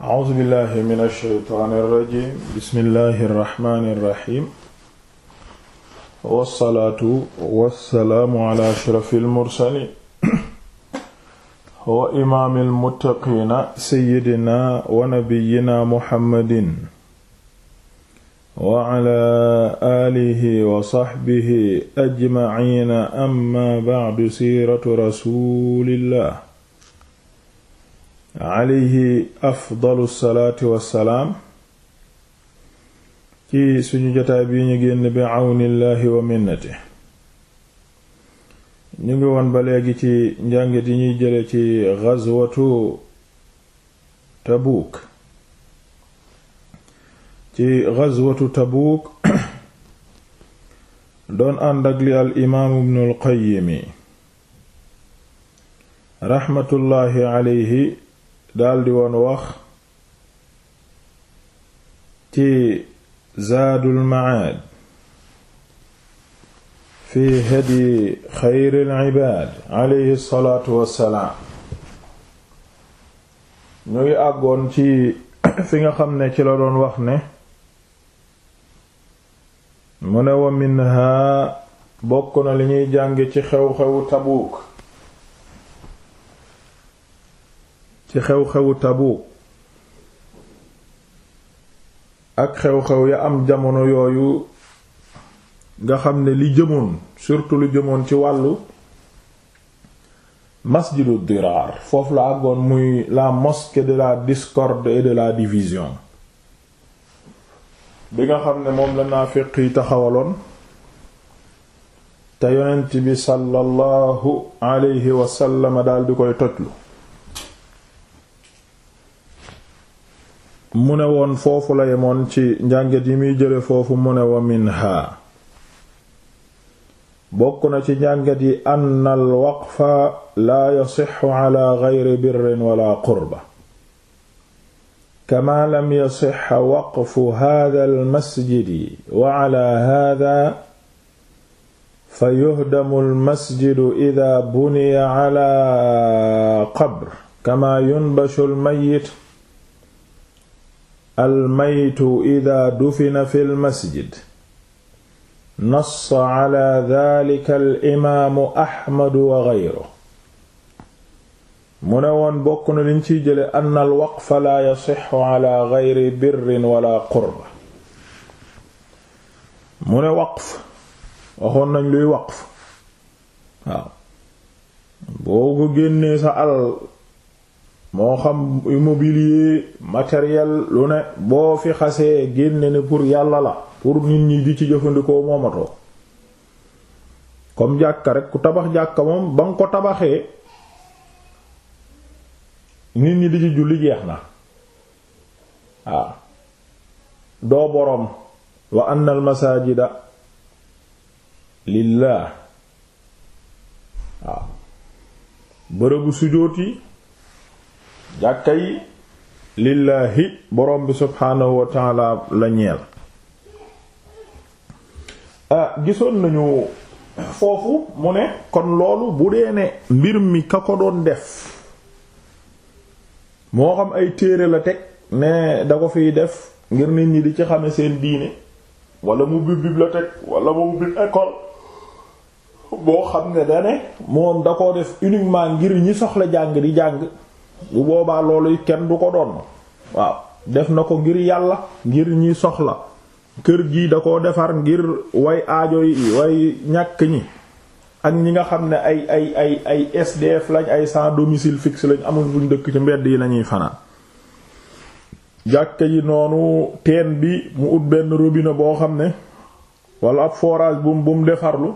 A'uuzu billahi mina shaytaani rajiim bismillahi rahmaani rahiim. Wassalaatu wassalaamu alaa ashrafil mursaliin wa imaamil muttaqiina sayyidinaa wa nabiyyinaa Muhammadin wa alaa aalihi wa sahbihi ajma'iina ammaa ba'du siiratu rasuulillah alayhi afdalu salaatu wassalaam ci suñu jotaay bi ñu génn bi àwnillaahi wa minnati ñu ngi woon ba léegi ci njàngit yi ñuy jële ci ghazwatu tabuuk ci ghazwatu tabuuk doon ànd ak li al imaam ibnul qayyimi raxmatullaahi alayhi daldi woon wax ci zaadul macaad fi hadi xayril ibaad alayhi salaatu ngi àggoon ci fi nga xam ne ci la doon wax ne mu ne wa minha bokk na li ñuy jàng ci xew xew Tabuuk ci xew-xewu Tabuuk ak xew-xew ya am jamono yooyu nga xam ne li jëmoon surtout lu jëmoon ci wàllu masjidu Diraar foofu la àggoon muy la mosquée de la discorde de la division bi nga xam ne moom la naafiq yi taxawaloon te yonent bi sallallahu alayhi wa sallam daal di koy tojlu mu ne woon foofu la yemoon ci njànget yi muy jële foofu mu ne wa minha bokk na ci njànget yi ann al waqfa laa yasixu ala geyri birrin wala qurba kama lam yasix waqfu hada almasjidi wa ala hada fa yuhdamu almasjidu ida buniya ala qabr kama yunbashu almayit almaytu ida dufina fi lmasjid nassa ala dalika alimaamu ahmadu wa geyru mu ne woon bokk na liñ ciy jële ann alwaqfa laa yasixu ala geyri birrin wala qurba mu ne waqf waxoon nañ luy waqf waaw boo ko génnee sa alal moo xam immobilier matériel lu ne boo fi xasee génne ne pour yàlla la pour nit ñi di ci jëfandikoo moomatoo comme jàkka rek ku tabax jàkka moom ba nga ko tabaxee nit ñi di ci julli jeex na waaw doo boroom wa anna al lillah waaw bërëbu sujóot jàkka yi lillaahi borom bi subhaanahu wa taala la ñeel ah, gisoon nañu foofu mu ne kon loolu bu dee ne mbir mi ka ko doon def moo xam ay téere la teg ne da ko fiy def ngir nit ñi di ci xame seen diine wala mu bi bibliothèque wala mu bi école boo xam ne da ne moom da ko def uniquement ngir ñi soxla jàng di jàng bu boobaa loolu kenn du ko doon waaw def na ko ngir yàlla ngir ñi soxla kër gi da koo defar ngir way aajo yi way ñàkk ñi ak ñi nga xam ne ay ay ay ay SDF lañ ay sans domicile fixe lañ amul fuñ dëkk ci mbedd yi lañuy fanaan jàkka ji noonu teen bi mu ut benn robine boo xam ne wala ab forage bu mu defarlu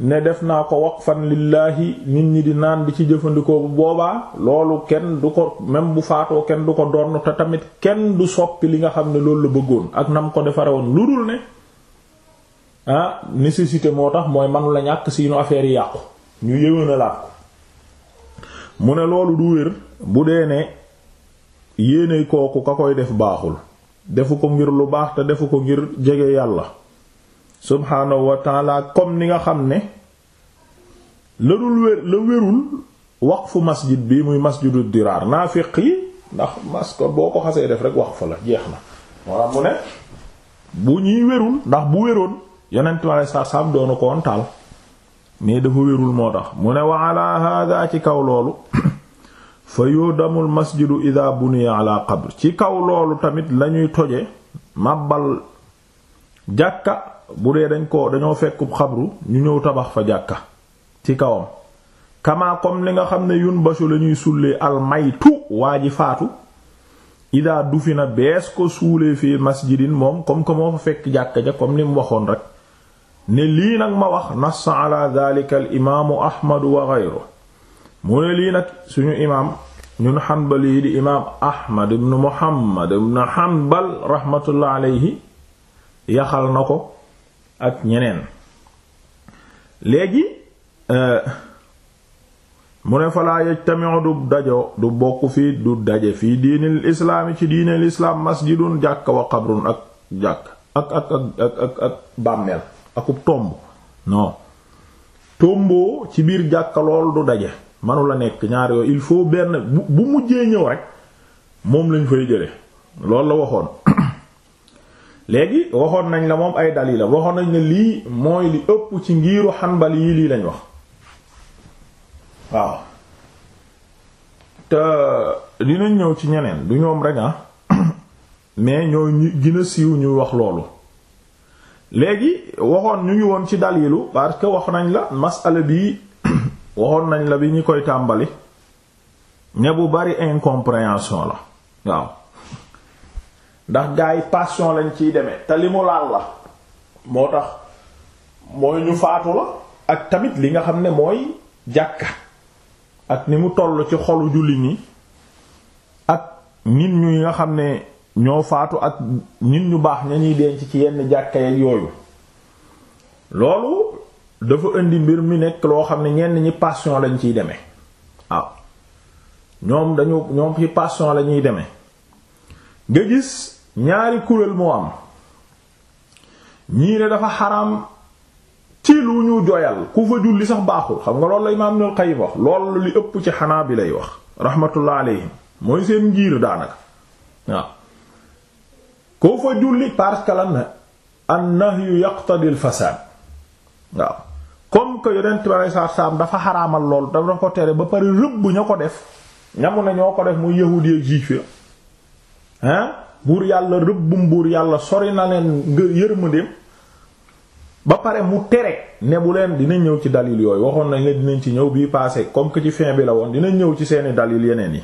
ne def naa ko waqfan lillaahi nit ñi di naan bi ci jëfandikoo bu boobaa loolu kenn du ko même bu faatoo kenn du ko donn te tamit kenn du soppi li nga xam ne loolu la bëggoon ak nam ko defare woon lu dul ne ah nécessité moo tax mooy manu la ñàkk siinu affaire yàqu ñu yëwénalaat ko mu ne loolu du wér bu dee ne yéene kooku ka koy def baaxul defu ko ngir lu baax te defu ko ngir jege yàlla subhaanahu wa taala comme ni nga xam ne la dul wér la wérul waqfu masjid bi muy masjidu diraar naafiq yi ndax mas ko boo ko xasee def rek waqf la jeex na walla mu ne bu ñuy wérul ndax bu wéroon yonent ma lay saa doonu ko woon taal dafa wérul moo tax mu ne wa ala hada ci kaw loolu fa yudamul masjidu ida buniya ala qabr ci kaw loolu tamit lañuy toje màbbal jàkka bu dee dañ ko dañoo fekk xabru ñu ñëw tabax fa jàkka ci kawam kama comme li nga xam ne yun basu la ñuy sullee almaytu waa ji faatu ida dufina bees ko suulee fii masjidin moom comme que fa fekk jàkka ja comme li waxoon rek ne lii nag ma wax nas ala dalika al imaamu ahmadu wa gayru mu ne lii nag suñu imaam ñun xanbal yi di imaam ahmad ibn muhammad ibn hanbal rahmatullah alayhi yaxal na ko ak ñeneen léegi euh, mu ne falaa yajtamiu du dajo du bokk fi du daje fii diinil islaami ci diinil islaam masjidun jàkk wa ak jàkk ak ak ak ak ak bàmmeel akub tomb non tomboo ci biir jàkka lool du daje manula nekk ñaari yooyu il faut benn bu mujjee ñëw rek moom lañ fay jële loolu la waxoon léegi waxoon nañ la moom ay dalil la waxoon nañ ne lii mooy li ëpp ci ngiiru xanbal yi lii lañ wax waaw te dinañ ñëw ci ñeneen du ñoom rek ah mais ñoo gën a siiw ñuy wax loolu léegi waxoon ñu ngi woon ci dalilu parce que wax nañ la masala bi waxoon nañ la bi ñu koy tàmbali ña bu bari incompréhension la waaw ndax gars yi passion lañ ciy demee te li mu laal la moo tax mooy ñu faatu la ak tamit li nga xam ne mooy jàkka ak ni mu toll ci xolu julli ñi ak nit ñu nga xam ne ñoo faatu ak nit ñu baax ña ñuy denc ci yenn jàkka yeeg yooyu loolu dafa indi mbir mi nekk loo xam ne ñenn ñi passion lañ ciy demee waaw ñoom dañu ñoom ci passion la ñuy demee nga gis ñaari kuréel moo am ñii ne dafa xaram ci lu ñu joyal ku fa julli sax baaxul xam nga loolu la imaam Ibnul Qayyim wax loolu li ëpp ci xanaa bi lay wax rahmatullah alayhim mooy seen ngiir daanaka waaw koo fa julli parce que lan an-nahyu yaqtadi al-fasad yonent bi saa saam dafa xaraamal lool dafa ko tere ba pare rëbb ña ko def ñamu nañoo ko def muy yahuudi ak juif hein buur yàlla rëbbum buur yàlla sori na leen nga yërmandeem ba pare mu tere ne bu leen dina ñëw ci dalil yooyu waxoon nañ ne dinañ ci ñëw bii passé comme que ci fin bi la woon dina ñëw ci seeni dalil yeneen yi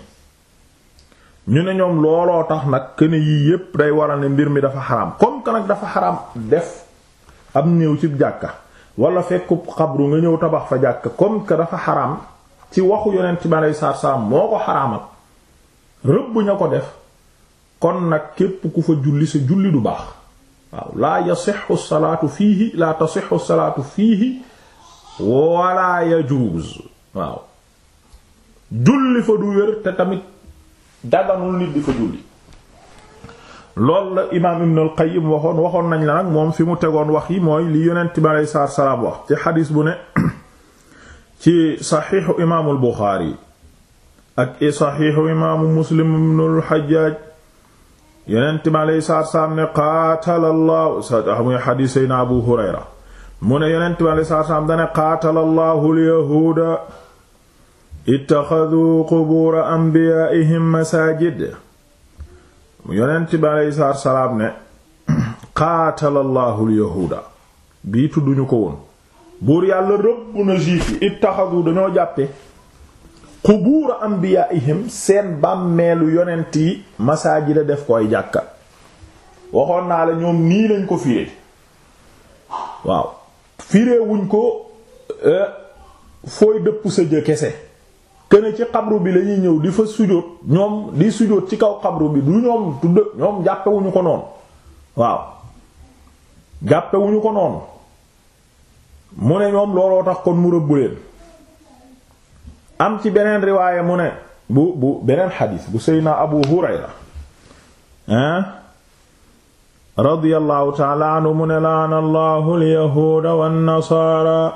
ñu ne ñoom looloo tax nag këne yii yépp day waral ne mbir mi dafa xaram comme ka nag dafa xaram def am ñëw ci jàkka wala fekkub xabru nga ñëw tabax fa jàkka comme que dafa xaram ci waxu yonent bi aleyhi salaatu salaam moo ko xaraamal rëbb ña ko def kon nag képp ku fa julli sa julli du baax waaw laa yasixu salaatu fiihi laa tasixu salaatu fiihi wala yajuuz waaw julli fa du wér te tamit daganul nit di fa julli loolu la imaam ibn al qayyim waxoon waxoon nañ la nag moom fi mu tegoon wax yi mooy li yonent bi aleyhi salaatu salaam wax ci xadiis bu ne ci saxiixu imaamul buxaari ak i saxiixu imaamu muslim ibn al xajjaaj yonent mi alayhi salaam ne qaatalallahu muy xadiis Seydina Abu Hurayra mu ne yonent mi alayhi salaam dane qaatalallahu alyahuuda ittaxaduu qubuura anbiyaa'ihim masaajid yonent bi alayhi salaam ne qaatalallahu alyahuuda bii tudduñu ko woon buur yàlla rëbb na juif yi ittaxadu dañoo jàppe qubuura anbiyaa'ihim seen bàmmeelu yonent yi masaajida def koy jàkka waxoon naa la ñoom nii lañ ko firee waaw firee wuñ ko euh, fooy dëpp sa jë kese kene ci xabru bi lañuy ñëw di fa sujóot ñoom di sujóot ci kaw xabru bi du ñoom tudd ñoom jàppewuñu ko noonu waaw jàppewuñu ko noonu mu ne ñoom looloo tax kon mu rëbb leen am ci beneen riwaaya mu ne bu bu beneen xadiis bu seydna abu hurayra ah radiyallahu mu ne laana allahu alyahuuda wannasaara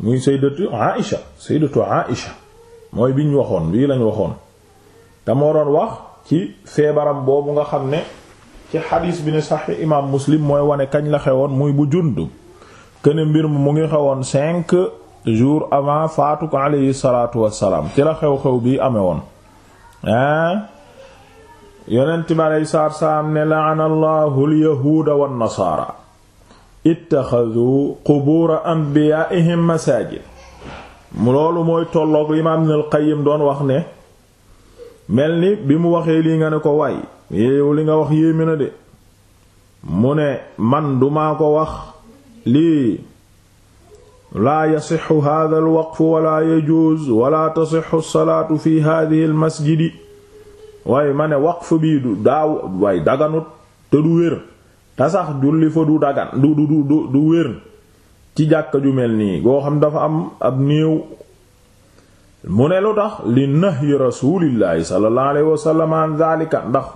muy saydatu aisha saydatu aisha mooy bi ñu waxoon bii lañ waxoon te moo doon wax ci feebaram boobu nga xam ne ci xadiis bi ne saxi imaam muslim mooy wane kañ la xewoon muy bu jundub kene mbir mu ngi xewoon cinq jour avant faatu ko alayhi salaatu wassalaam ci la xew-xew bi ame woon ah yonent bi aleyhi salaatu wassalaam ne la'ana allahu alyahuuda wannasaara ittaxadu qubuura anbiyaa'ihim masaajid mu loolu mooy tolloog li imaam Ibnul Qayyim doon wax ne mel ni bi mu waxee lii nga ne ko waay yow li nga wax yéeme na de mu ne man duma ko wax lii laa yasixu hada alwaqfu wala yajuuz wala tasixu salaatu fi hadihi almasjidi waaye ma ne waqf bi du daaw waaye daganut te du wér te sax julli fa du dagan du du du du wér ci jàkka ju mel nii goo xam dafa am ab néew mu ne lu tax li nahyi rasulillahi sallallahu alayhi wa ndax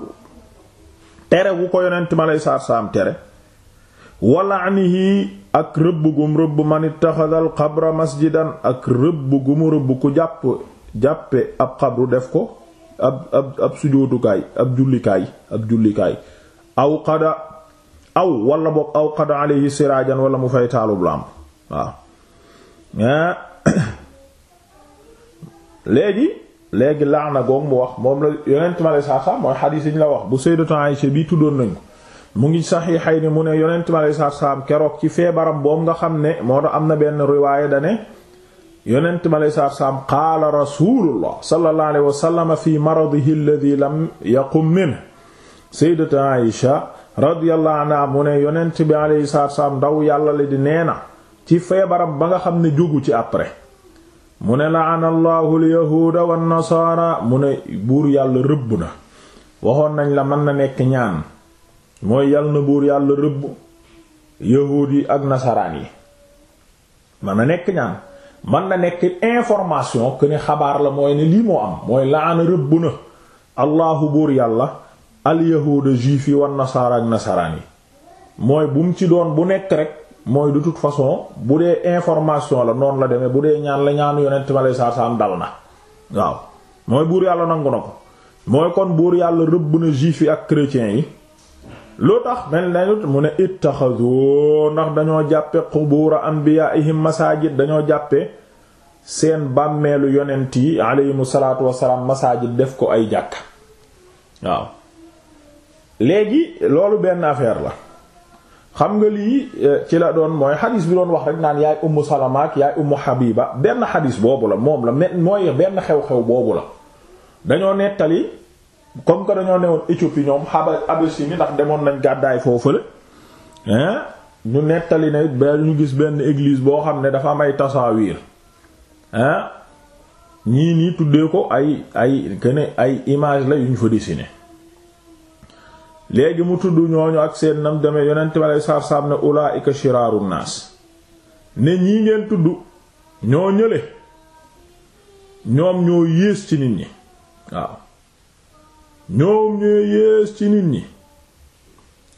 tere wu ko tere ak rëbb gum rëbb man ittaxadal xabra masjidan ak rëbb gumu rëbb ku jàpp jàppe ab xabru def ko ab ab ab sujootukaay ab jullikaay ab jullikaay aw xada aw wala boog aw xada alayhi siraajan wala mu fay taalub làmp waaw léegi léegi laana goog mu wax moom la yonent ma la saa saa mooy xadiis yi ñu la wax bu sayyidatu Aisha bi tuddoon nañu mu ngi saxiixayni mu ne yonent bi alayhi salaatu keroog ci feebaram boobu nga xam ne moo tax am na benn riwaaya da ne yonent bi alayhi salaatu salaam qaala rasuulullah sallallahu alayhi wa sallam fi maradihi alladhi lam yaqum minhu sayyidatu Aisha radiyallahu anha mu ne yonent bi ndaw yàlla la di nee na ci feebaram ba nga xam ne jógu ci après mu ne la'ana allahu al-yahuuda nasaara mu ne buur yàlla rëbb na waxoon nañ la mën na nekk ñaan mooy yal na buur yàlla rëbb yahuud yi ak nasaraan yi man na nekk ñaan man na nekk information que ne xabaar la mooy ne lii moo am mooy laana rëbb na allahu buur yàlla al yahuuda juif yi wan nasaara ak nasaraan yi mooy bu ci doon bu nekk rek mooy de toute façon bu dee information la noonu la demee bu dee ñaan la ñaanu yonent ma sa saa dal na waaw mooy buur yàlla nangu na ko mooy kon buur yàlla rëbb na juif yi ak chrétiens yi lu tax mel nañu mu ne ittaxazu ndax dañoo jàppe xubuura anbiyaa'ihim masaajid dañoo jàppe seen bàmmeelu yonent yi aleyhimu salaatu wassalaam masaajid def ko ay jàkk waaw léegi loolu benn affaire la xam nga lii eh, ci la doon mooy xadis bi doon wax rek naan yaay ummu salama ak yaay ummu habiba benn xadiis boobu la moom la mooy benn xew-xew boobu la dañoo nettali comme que dañoo newoon Éthiopie ñoom xaba Abyssinie ndax demoon nañ gàddaay foofule hein ñu nettali ne ba ñu gis benn église boo xam ne dafa am ay tasaawiir hein ñii nii tuddee ko ay ay kene ay image la yu ñu fa dessiné léegi mu tudd ñooñu ak seen nam demee yonent ma lay saar-saam ne ulaa'ika shiraaru naas ne ñii ngeen tudd ñoo ñële ñoom ñoo yées ci nit ñi waaw ñoom ñooy yées nit ñi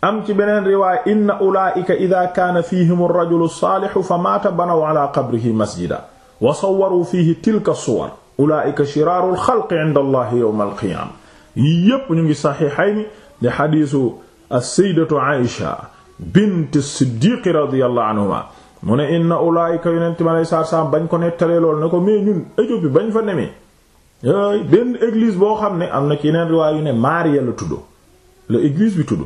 am ci beneen riwaay inna ulaa'ika idha kaana fihim ar-rajulu as-saalihu fa maata banaw ala qabrihi masjida wa sawwaru fihi tilka as-suwar ulaa'ika shiraaru al-khalqi 'inda allahi yawm al-qiyaama yii yépp ñu ngi saxiixayni di xadiisu as-sayyidatu Aïsha bint as-Siddiq radiyallahu anhuma mu ne inna ulaa'ika bañ ko nettalee lool ne ko mais ñun Éthiopie bañ fa nemee yooyu benn église boo xam ne am na ci yeneen riwaay yu ne Maria la tudd la église bi tudd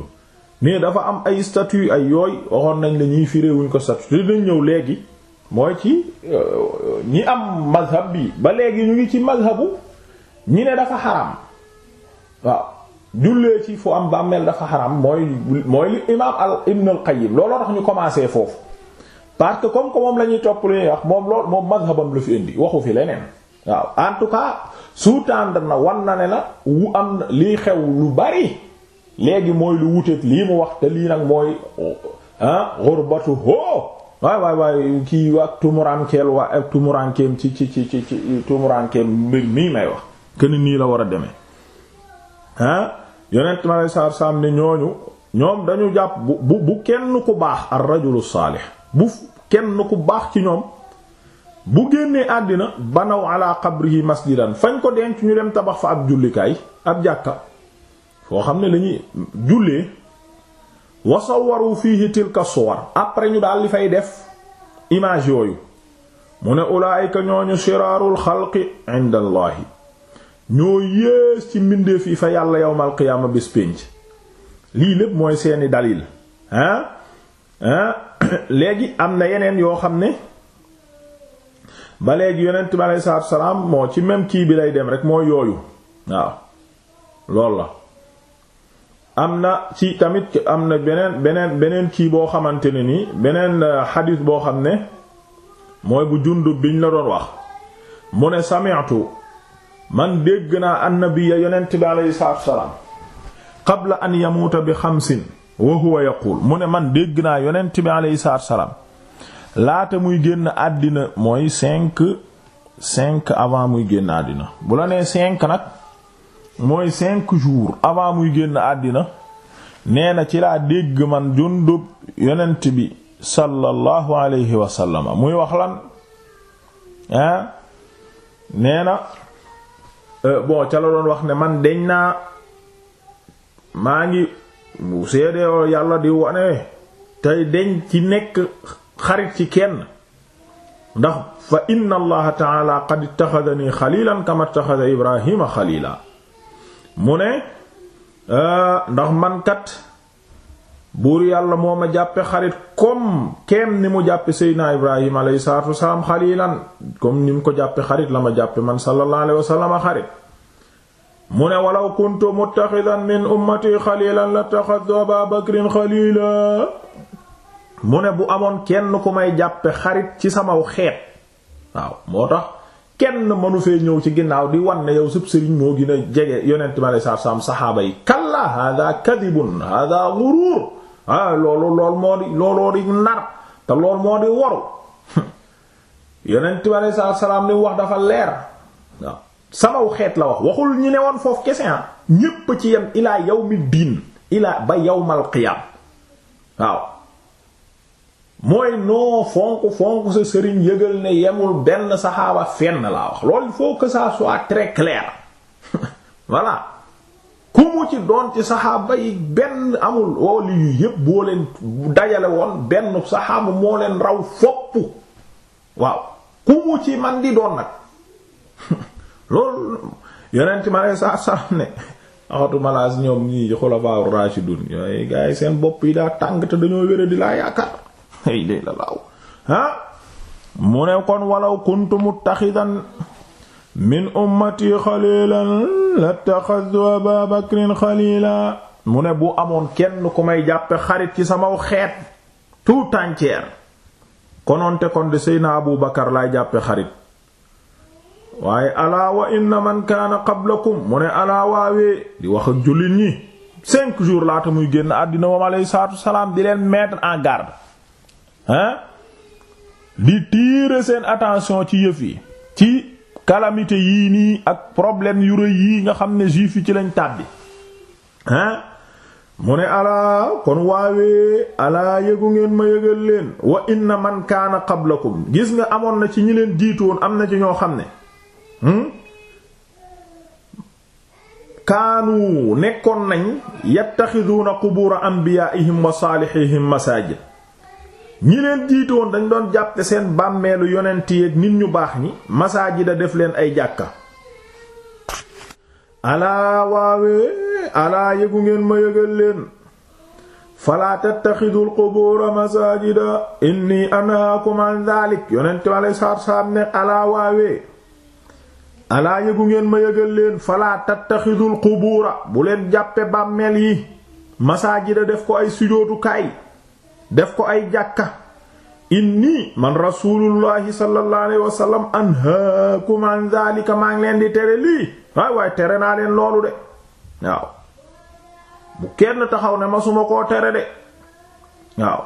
mais dafa am ay statue ay yooy waxoon nañ la ñuy firé wuñ ko statue dinañ ñëw léegi mooy ci euh, ñi am mazhab bi ba léegi ñu ngi ci mazhabu ñi ne dafa xaram waaw jullee ci fu am bàmmeel dafa xaram mooy mooy li imaam al ibn al qayyim looloo tax ñu commencé foofu parce que comme que moom la ñuy topp lu ñuy wax moom lool moom mazhabam la fi indi waxu fi leneen waaw en tout cas sous-tendre na wan na ne la wu am lii xew lu bari léegi mooy lu wuteet lii mu wax te lii nag mooy ah xurbatu ho waay waay waay kii ak tumurankeel waa ak tumurankeem ci ci ci ci tumurankeem mbir mii may wax këni nii la war a deme ah yonent ma lay saar saam ne ñooñu ñoom dañu jàpp bu bu kenn ku baax ar rajulu saalih bu kenn ku baax ci ñoom bu génnee àddina banaw ala yi masjidan fañ ko denc ñu dem tabax fa ab jullikaay ab jàkka foo xam ne lañuy jullee wasawaru fiihi tilka suwar après ñu daal li fay def image yooyu mu ne ulaayika ñooñu shiraarul xalqi inda allahi ñoo yées ci mbindeef yi fa yàlla yowmal qiyaama bis pénc lii lépp mooy seeni dalil hein hein léegi am na yeneen yoo xam ne ba léegi yonent bi aleyhi salaatu wa salaam moo ci même kii bi lay dem rek mooy yooyu waaw loolu la am na ci tamit am na beneen beneen beneen kii boo xamante ne nii beneen euh, xadiis boo xam ne mooy bu Jundub biñ la doon wax mu ne sami'tu man dégg naa annabiyya yonent bi aleyhi salaatu wa salaam qabla an yamuuta bi xamsin wa huwa yaquul mu ne man dégg naa yonent bi aleyhi salaatu wa salaam laata muy génn àddina mooy cinq cinq avant muy génn àddina bu la nee cinq nag mooy cinq jour avant muy génn àddina nee na ci laa dégg man jundub yonent bi sallallahu alayhi wa sallama muy wax lan ah nee na euh, bon ca la doon wax ne man deñ naa maa ngi mu seedee yàlla di wane tey deñ ci nekk xarit ci kenn ndax fa inna allaha taala qad ittaxadani xalilan kama ittaxada ibrahima xalila mu ne ndax mankat buur yàlla moo ma jàppe xarit comme keem ni mu jàppe seydina ibrahima alayhi salaatu wasalaam xalilan comme ni mu ko jàppe xarit la ma jàppe man sallallahu alayhi wasallam xarit mu ne walaw kuntu muttaxidan min ummati xalilan la taxadtu abaa bakrin xalila mu ne bu amoon kenn ku may jàppe xarit ci samaw xeet waaw moo tax kenn mënu fee ñëw ci ginnaaw di wan ne yow sëb sëriñ moo gin a jege yonent ma lay saab saam saxaaba yi kalla hada kadibun hada gurur ah loolu lool moo di nar te lool moo di waru yonent bi aleyhi salaam li wax dafa leer waaw samaw xeet la wax waxul ñi ne woon foofu kese ah. ñépp ci yem ilaa yawmi diin ilaa ba yawmal qiyaam waaw mooy noo fonk fonk sa sëriñ yëgal ne yemul benn saxaaba fenn laa wax loolu il faut que ça soit très clair voilà ku ci doon ci saxaaba yi benn amul wali yu yépp boo leen dajale woon benn saxaaba moo leen raw fopp waaw ku ci man di doon nag loolu yonent ma ne saa saa ne waxatuma laa si ñoom ñii xulafaa rashidun yooyu gaa seen bopp yi daa tàng te dañoo wéra di laa yaakaar ay léeg la mu ne kon walaw kuntu muttaxidan min ummati xalilan lattaxadtu aba bakrin xalila mu ne bu amoon kenn ku may jàppe xarit ci samaw xeet tout entier konoonte kon de seyna abu bakar laay jàppe xarit waaye alaa wa inna man kaana qablakum mu ne alaa waawee di wax jullit ñi cinq jours laata muy génn àddina moom aleyhi salaatu salaam di leen mettre en ah di tirer seen attention ci yëf yi ci calamité yii nii ak problème yu rëy yii nga xam ne juif yi ci lañ tàbbi ah mu ne alaa kon waawee alaa yëgu ngeen ma yëgal leen wa inna man kaana qablakum gis nga amoon na ci ñi leen jiitu am na ci ñoo xam ne hmm? kaanu nekkoon nañ yattaxiduuna qubura anbiyaa'ihim wa saalihihim masaajid ñi leen jiitu woon dañ doon jàppe seen bàmmeelu yonent yeeg nit ñu baax ñi de def leen ay jàkka alaa waawee alaa yëgu ngeen ma yëgal leen falaa tattaxidul qubuura masaajida inni anhaakum an daalik yonent ma lay saar saar ne alaa waawee alaa yëgu ngeen ma yëgal leen falaa tattaxidul qubuura bu leen jàppe bàmmeel yi masaajida def ko ay sujootukaay def ko ay jàkka inni man rasulullahi sallallahu alayhi an dhalika maa ngi leen di tere lii waay waaye tere naa leen loolu de waaw bu kenn taxaw ne masuma koo tere de waaw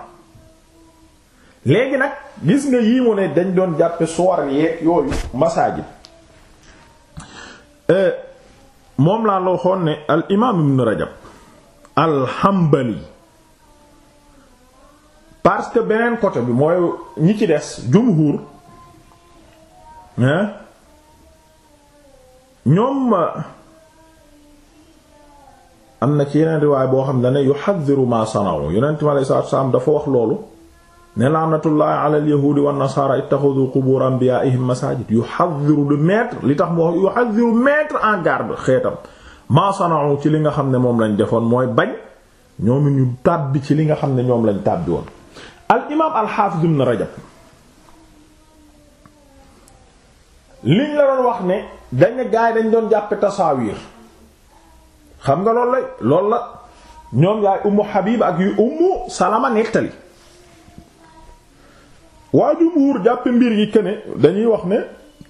léegi nag gis nga yii mu dañ doon jàppe soir yeeg yooyu masaajid eh, moom laa la waxoon ne al imaam ibn rajab al parce que beneen côté bi mooy ñi ci des jumhur hein ñoom am na ci yeneen riwaay boo xam ne dane yuhadhiru ma sanaw yonent mi alei salatu salaam dafa wax loolu ne laanatullahi ala alyahudi wa nasara ittakhadhu qubur anbiyaa'ihim masajid yuhadhiru de mettre li tax moo wax yuhadhiru mettre en garde xeetam ma sanaw ci li nga xam ne moom lañ defoon mooy bañ ñoom ñu tàbbi ci li nga xam ne ñoom lañ tàbbi woon al imaam al xaafiz ibn rajab liñ la doon wax ne dañ gaay dañ doon jàppe tasaawiir xam nga loolu lay loolu la ñoom yaay ummu Habiba ak yu ummu Salama nettali waa jumhuur jàppe mbir yi këne dañuy wax ne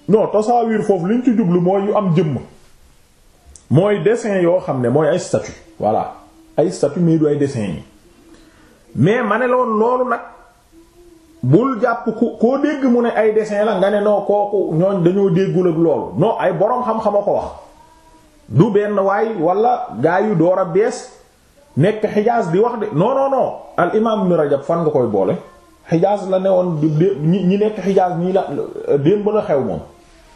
ñoo tasaawiir foofu liñ ci jublu mooy yu am jëmm mooy dessin yoo xam ne mooy ay statue voilà ay statue mais du ay dessin yi mais ma ne loon loolu nag bul jàpp ku koo dégg mu ne ay dessin la nga ne noo kooku ñooñ dañoo déggul ak loolu non ay boroom xam-xam a ko wax du benn waay walla gaa yu door a bees nekk xijaas di wax de non non al imaam ibn Rajab fan nga koy boole xijaas la ne woon ñi nekk xijaas ñii la démb la xew moom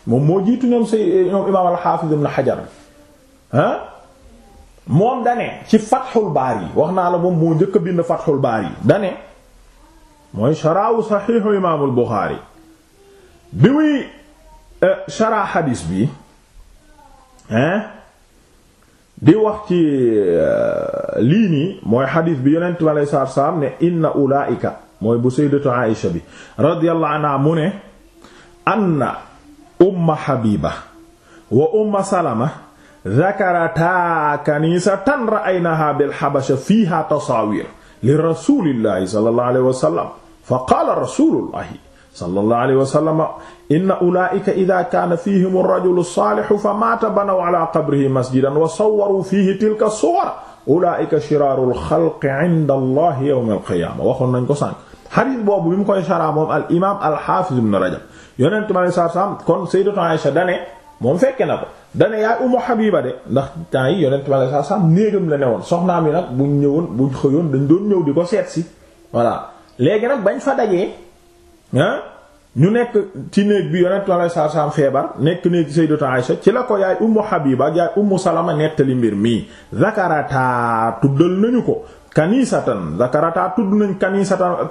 moom moo jiitu ñoom say ñoom imaam al-Hafiz ibn Hajar moom dane ci Fathul Baari wax naa la moom moo njëkk a bind Fathul Baari dane mooy sharaawu saxiixu imaamul Buxaari bi muy eh, sharaa xadiis bi di wax ci eh, lii nii mooy xadiis bi yonent bi alayhi salaatu wa ne inna ulaa'ika mooy bu sayyidatu Aisha bi radiyallahu anha mu ne anna umma Habiba wa umma Salama zakarataa kanisatan ra'aynaha bil habasha fiha tasawir li rasulillahi sallallahu alayhi wa sallam fa qaala rasulullahi sallallahu alayhi wa sallam inna ulaa'ika idha kaana fihim ar-rajulu as-saalihu fa maata banaw ala qabrihi masjidan wa sawwaru fihi tilka as-suwar ulaa'ika shiraaru al-xalqi 'inda allahi yawm al-qiyaama waxoon nañ ko sànq xadis boobu bi mu koy sara moom al imaam al-haafiz ibn Rajab yonent mi alayhi salaam kon sayyidatu Aisha dane moom fekke na ko dane yaay Ummu Habiba de ndax temps yi yonent bi sallallahu alayhi néegam la ne woon soxnaam yi nag buñ ñëwoon buñ xëyoon dañ doon ñëw di ko seet si voilà léegi nag bañ fa dajee ah ñu nekk ci néeg bi yonent bi sallallahu alayhi feebar nekk néeg Sayyidatu Aïsha ci la ko yaay Ummu Habiba yaay Ummu Salama nettali mbir mii zakarata tuddal nañu ko kanisatan zakarata tudd nañ kanisatan ak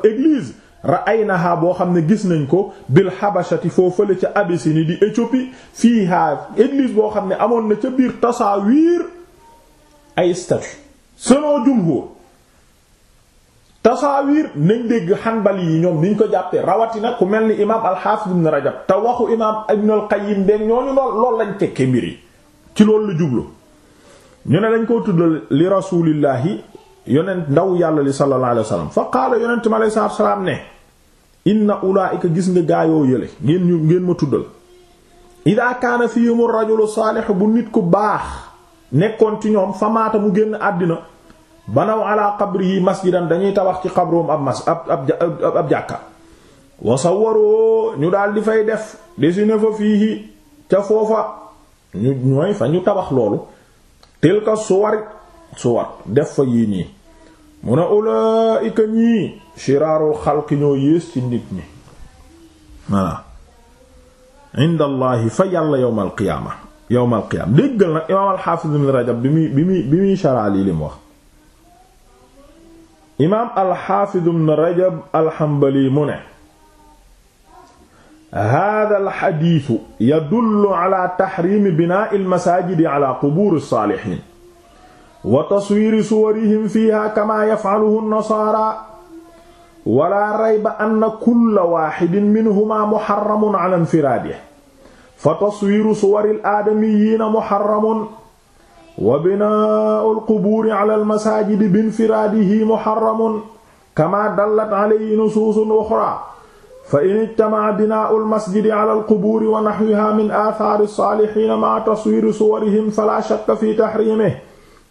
ra'aynaha boo xam ne gis nañ ko bil habashati foo fële ca Abyssinie di Éthiopie fiiha église boo xam ne amoon na ca biir tasaawiir ay statue selon jumhur tasaawiir nañ dégg xanbali yi ñoom niñ ko jàppee rawatina ku mel ni imaam al-Hafiz ibn Rajab te waxu imaam ibn al-Qayyim beeg ñooñu lool lool lañ tekkee mbir yi ci loolu la jublu ñu ne dañ koo tuddal li rasulillahi yonent ndaw yàlla li sallallahu alayhi wasallam fa qaala yonent mi alayhi salaam ne inna ulaa'ika gis nga gaayoo yële ngeen ñu ngeen ma tuddal idaa kaana fihimu rajulu saalih bu nit ku baax nekkoon ci ñoom famaata mu génn àddina banaw ala yi masjidan dañuy tabax ci xabroom ab mas ab ab ab jàkka wasawwaroo ñu daal di fay def dessiner fa fiihi ca foofa ñu ñooy fa ñu tabax loolu tilka suwar suwar def fa yii nii mu ne ulaa'ika ñii shiraarul xalq ñoo yées ci nit ñi voilà inda allahi fa yàlla yowmal qiyaama yowmal qiyaama déggal nag imaam alxaafis ibn rajab bi muy bi muy bi muy sharaal yi lim wax imaam alxaafis ibn rajab alxambali mu ne hada alxadiisu yadullu ala taxrimi binaai almasaajidi ala qubuuri saalixiin wa taswiiri suwarihim fiiha kama yaf'aluhu an-nasaara wala rayba anna kulla waaxidin minhuma muxarramun ala infiraadihi fa taswiiru suwari aadamiyiina muxarramun wa binaa'u alqubuuri ala almasaajidi binfiraadihi muxarramun kamaa dallat alayhi nusuusun uxraa fa in ijtamaca binaa'u almasjidi ala alqubuuri wa naxwihaa min aathaari alsaalixiina maca taswiiri suwarihim falaa shakka fi taxriimihi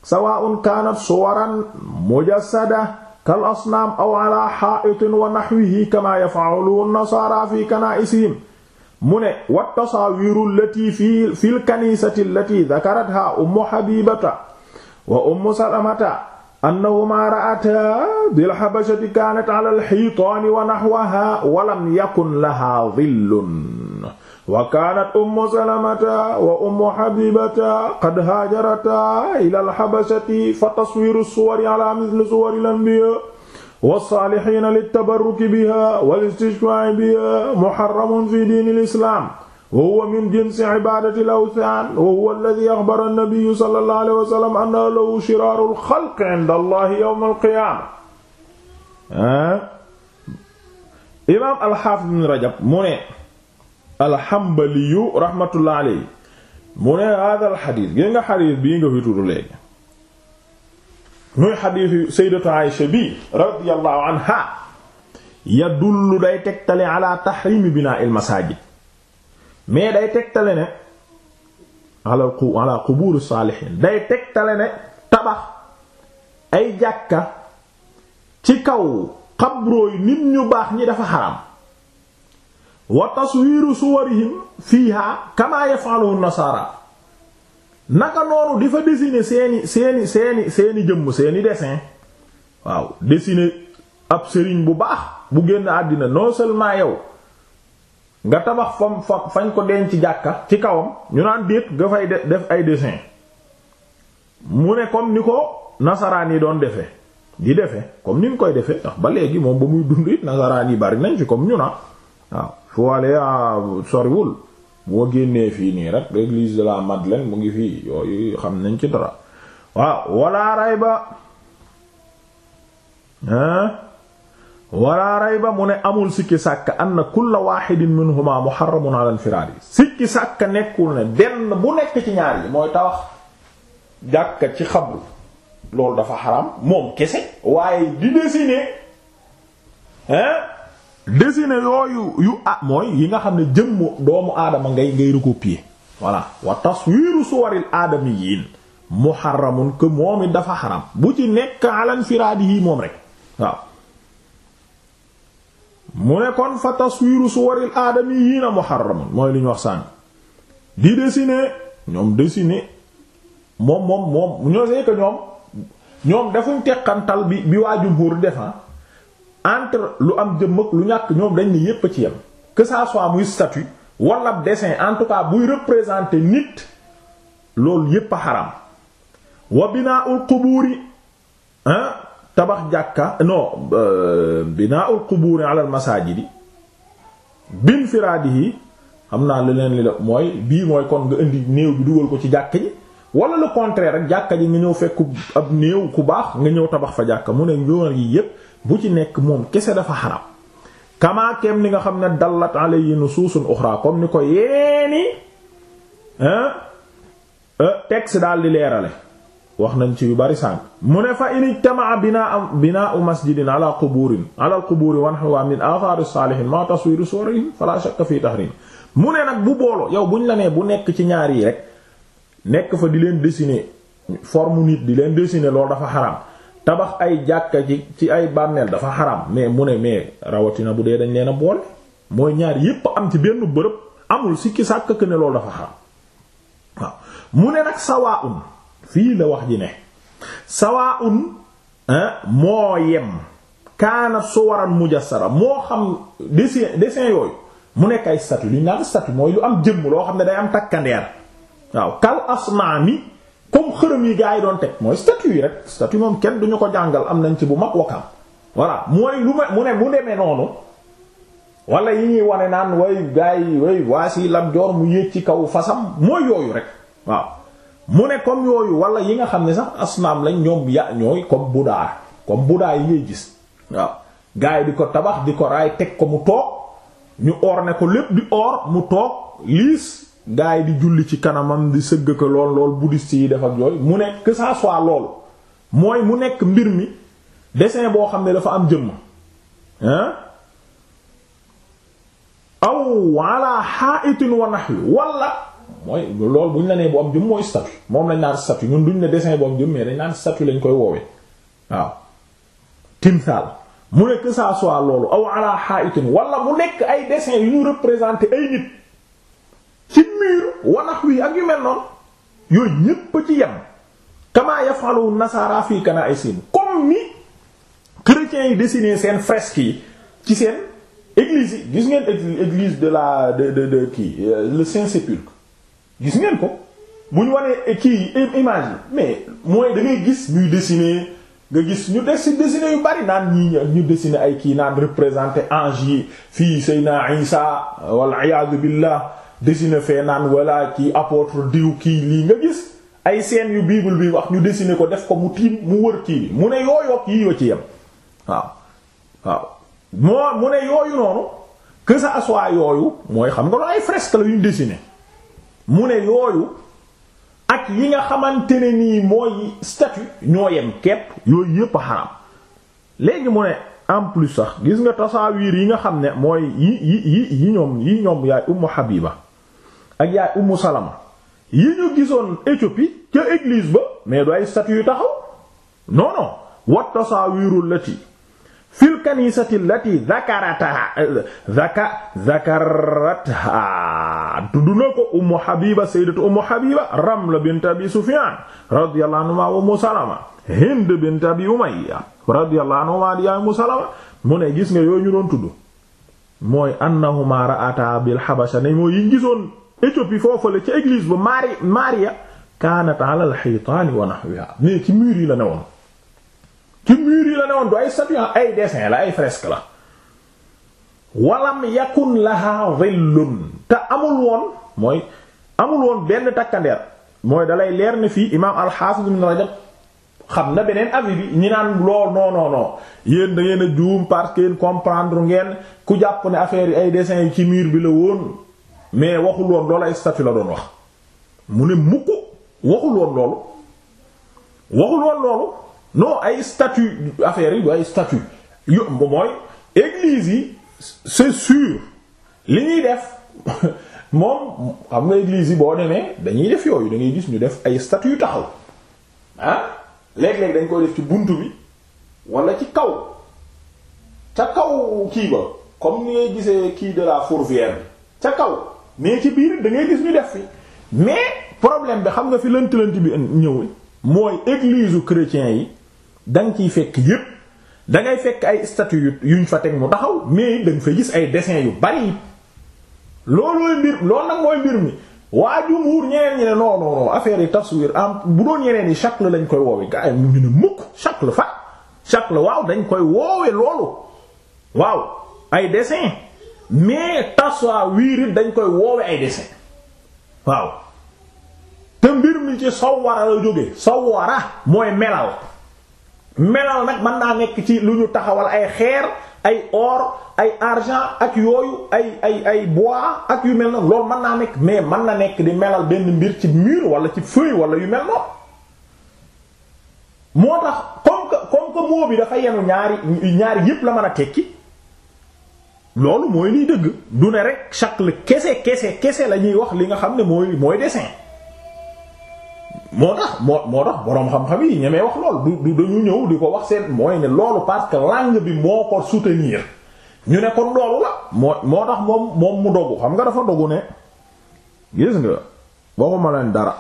sawaa'un kaanat suwaran mujassada kal asnaam aw ala xaa'itin wa naxwihi kama yaf'aluhu nasaara fi kanaa'isihim mu ne wa tasaawiru allati fi fi lkanisati allati dakaratha ummu habibata wa ummu salamata annahuma ra'ata bilxabashati kanat ala alxiitaani wa naxwaha walam yakun laha dhillun wa kaanat ummu salamata wa ummu habibata qad haajarata ila alxabasati fa taswiru suwari ala mithli suwari al-anbiya wa saalihiina litabarruki biha wal istishfaa'i biha muharramun fi diini al-islaam wa huwa min jinsi ibaadati al-awthaan wa huwa alladhii akhbara an-nabiyyu sallallahu alayhi wa sallam annahu lahu shiraaru al-khalqi 'inda allahi yawma al-qiyaamah imaam al-haafiz ibn rajab mu ne alxambaliyu rahmatullah alayhi mu ne hada al xadis gis nga xadis bii nga fi léegi muy xadiisu sayyidatu Aysha bi radiyallahu anha yadullu day tegtale ala taxrimi binaa il mais day tegtale ne ala ala qubuur saalihiin day tegtale ne tabax ay jàkka ci kaw xabrooy nit ñu baax ñi dafa xaram tas wa taswiiru suwarihim fiiha kama yaf'alu nasaara naka noonu di fa dessiner seeni seeni seeni seeni jëmm seeni dessin waaw dessiner ab sëriñ bu baax bu génn àddina non seulement yow nga tabax fam fa fañ ko denc jàkka ci kawam ñu naan déet nga fay def ay dessin mu ne comme ni ko nasaraan yi doon defe di defe comme ni mu koy defe ndax ba léegi moom ba muy dund it nasaraan yi bari nañ fi comme ñu na ah, waaw foolee soriwul boo génnee fii nii rek l'église de la Madeleine mu ngi fii yooyu xam nañ ci dara waaw wala rayba hein wala rayba mu ne amul sikki sàkk anna kulla wahidin minhuma muharramun sàkk nekkul ne benn nekk ci ñaar mooy tawax jàkka ci xabru loolu dafa xaram moom kese waaye di dessiner hein dessiné yooyu yu ah mooy yi nga xam ne jëmm doomu aadama ngay ngay recopier voilà wa taswiru suwaril aadamiyin muharramun que moom it dafa xaram bu ci nekk alan firaadi yi moom rek waaw mu ne kon fa taswiru suwaril aadamiyin muharramun mooy li ñu wax sànni di dessiner ñoom dessiner moom moom moom ñoo see que ñoom ñoom defuñ teqantal bi bi waa jumhur defan ah. entre lu am jëmm lu ñàkk ñoom dañ ne yépp a ci yem que ça soit muy statue wala dessin en tout buy représenter nit loolu yépp a xaram wa binaa'ul qubuuri hein tabax jàkka binaa euh, binaa'ul qubuuri ala al masaajidi bin firaadihi xam naa leneen li la mooy bii mooy kon nga indi néew bi dugal ko ci jàkka ji wala le contraire rek jàkka ji nga ñëw fekk ab néew ku baax nga ñëw tabax fa jàkka mu ne ñoo yi yépp bu ci nekk moom kese dafa xaram kamaa kem ni nga xam ne dallat alayhi nusuusun uxra comme ni ko yeeni euh, texte daal di leerale wax nañ ci yu bari sànq mu ne fa in ijtamaa binaa binaa masjidin ala quburin ala alquburi wan xawaa min athari saalihin ma taswiru surihim fala shakka fi tahrim mu ne nag bu booloo yow buñ la nee bu nekk ci ñaar yi rek nekk fa di leen dessiner forme nit di leen dessiner loolu dafa xaram tabax ay jàkka ci ay bànneel dafa xaram mais mu ne mais rawatina bu dee dañ leen a boole mooy ñaar yépp am ci benn bërëb amul sikki sàkk que ne loolu dafa xaram mu ne nag sawaa'un fii la wax ji ne sawaa'un moo yem kaana su suwaran mujassara moo xam dessin dessin yooyu mu nekk ay satu li ñu naan statue mooy lu am jëmm loo xam ne day am takkandeer waaw kal asmaani comme xërëm yi gaa yi doon teg mooy statut yi rek statut moom kenn duñu ko jàngal am nañ ci bu mag wakam voilà mooy lu ma mu ne mu demee noonu wala yi ñuy wane naan way gaa yi way waa si lam joor mu yéeg ci kaw fasam mooy yooyu rek waaw ne comme yooyu wala yi nga xam ne sax asnaam lañ ñoom ya ñooy comme budaa comme budaa yi ngay gis waaw gaa yi di ko tabax di ko raay teg ko mu toog ñu or ne ko lépp di or mu toog liis gaa yi di julli ci kanamam di sëgg ko lool lool bouddhiste yi def ak yooyu mu nekk que ça soit lool mooy mu nekk mbir mi dessin boo xam ne dafa am jëmm hein aw ala ha'itin wa nahwi wala mooy loolu bu ñu la nee bu am moom lañ naan statue ñun duñ ne dessin bu am dañ naan statue lañ koy woowee waaw timsaal mu nekk que ça soit loolu aw ala ha'itin mu nekk ay dessin yu ñu représenter ay nit ci miir wanax wi ak yu mel noonu yooyu ñépp ci yem kamaa yafalu nasaara fii kanaa'isihim comme ni chrétiens yi dessiner seen fresque yi ci seen église yi gis ngeen église de la de de de kii euh, le Saint-Sépulcre gis ngeen ko bu ñu wanee kii image yi mais mooy da gis ñuy dessiner nga gis ñu des ci dessiner yu bari naan ñii ñu dessiner ay kii naan représenter ange yi fii naa Isa wal iyaadu billah dessiner fee naan walla kii apôtre diw kii lii nga gis ay scènes yu bible bi wax ñu dessiner ko def ko mu tiim mu wër kii bi mu ne yooyu ak ci yem waaw mu ne yooyu mooy xam nga loolu yu ñu mu ne yooyu ak yi nga xamante ne nii mooy statue ñoo yem kepp yooyu yépp a xaram léegi mu ne en plus sax gis nga tasaawiir yi nga xam ne mooy yi yi yi yi ñoom yi ñoom yaay Ummu Habiba ak yaay Ummu Salama yi ñu gisoon Éthiopie ca église ba mais du ay statues yu taxaw non non wa tasaawiru lati fil kanisati lati zakarataha zaka zakaratha tudd na ko Ramla bint Abi Sufyan radiyallahu anhuma wa gis nga yooyu ñu doon tudd annahuma ra'ata bil habasha ne mooy yi gisoon Éthiopie foofu la ca église ba Maria Maria kaanat ala al-hitaan wa nahwiha mais ci mur yi la newoon ci mur yi la newoon du ay statue ay dessin la ay fresque la walam yakun laha dhillun te amul woon mooy amul woon benn takkandeer mooy dalay leer ne fii imaam al-Hafiz ibn Rajab xam beneen avis bi ñi naan lool non non non yéen da ngeen juum parce comprendre ngeen ku jàpp ne affaire yi ay dessin yi ci miir bi la woon mais waxul woon loolu ay statut la doon wax mu ne mukk waxul woon loolu waxul loolu non ay statut affaire yi du ay statut yu mooy église yi c'est sûr def moom xam nga église yi boo demee dañuy def yooyu da gis ñu def ay statut yu taxaw ah léeg dañ koy def ci bunt bi wala ci kaw ca kaw kii ba comme ni ngay gisee kii de la fourvière bi ca kaw mais ci biir da ngay gis ñu def fi mais problème bi xam nga fi lënt lënt bi ñëw mooy église chrétien yi da nga ciy fekk yépp da ngay fekk ay statues yuñ fa teg mu taxaw mais da nga fay gis ay dessins yu bari loolooy mbir loolu nag mooy mbir mi waa jumhuur ñeneen ñi ne non non non affaire yi taswir am bu doon ñeneen yi shakl lañ koy woowe gaa yi mu ñu ne mukk shakl fa shakl waaw dañ koy woowe loolu waaw ay dessin mais tasaawiir it dañ koy woowe ay dessin waaw te mbir mi ci sawwara la jóge sawwara mooy melal melal nag mën naa nekk ci lu ñu taxawal ay xeer ay or ay argent ak yooyu ay ay bois ak yu mel na loolu mën naa nekk mais mën na nekk di melal benn mbir ci mur wala ci feuille wala yu mel noonu moo tax comme que comme que moo bi dafa yenu ñaari ñaari yépp la mën a tekki loolu mooy liy dëgg du ne rek shakl kese kese kese la ñuy wax li nga xam ne mooy mooy dessin moo tax moo moo tax boroom xam-xam yi ñemee wax lool du dañu ñëw di ko wax seen mooy ne loolu parce que langue bi moo ko soutenir ñu ne ko loolu la moo moo tax moom moom mu dogu xam nga dafa dogu ne gis nga waxuma leen dara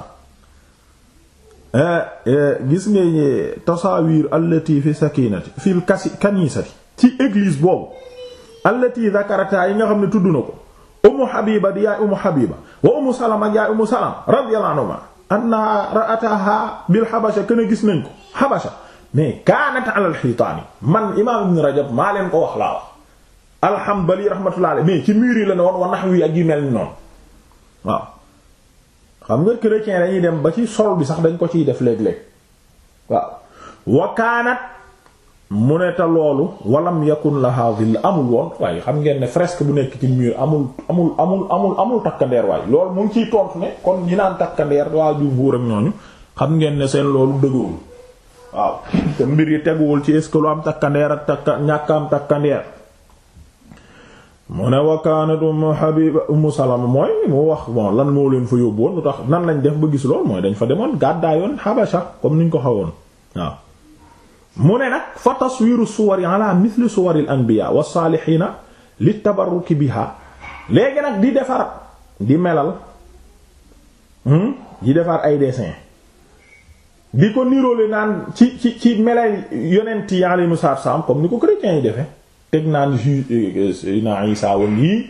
eh, eh, gis nga eh, tasaawiir allati fi sakinati fil kasi kanisati ci église boobu allati zakarataa yi nga xam ne tudd na ko ummu habiba di yaay ummu habiba wa ummu salama yaay ummu salama radiyallahu anhuma annaha ra'ataha bil kën a gis nañ ko habasha mais kaanat ala alxiitaani man imaam ibn rajab maa leen ko wax laa wax alhambali rahmatullah alayhi mais ci mur la ne woon wa nahwi ak yu mel ni noonu waaw xam nga dem ba ci sol bi sax dañ ko ciy def léeg-léeg waaw wa kaanat mu ne te loolu walam yakun laha dhill amul woon waaye xam ngeen ne fresque bu nekk ci mur amul amul amul amul amul takkandeer waaye lool mu ngi ciy tontu ne kon ñi naan takkandeer waa ju buur ñooñu xam ngeen ne seen loolu dëgguwul waaw te mbir yi teguwul ci est-ce que am takkandeer ak takka ñàkk am takkandeer mu ne wakaanat ummu habiba ummu salama mooy mu wax bon lan moo leen fa yóbbu woon lu tax nan lañ def ba gis lool mooy dañ fa demoon gàddaayoon habasha comme niñ ko xawoon mu ne nag fa taswiru suwari ala mithli suwari al anbiya wa saalihiina li tabarruki biha léegi nag di defar di melal hmm, di defar ay dessin di ko niroole naan ci ci ci melal yonent yi alayhimu salaam comme ni ko chrétiens yi defee teg naan ju eh, naa Isaa woon yii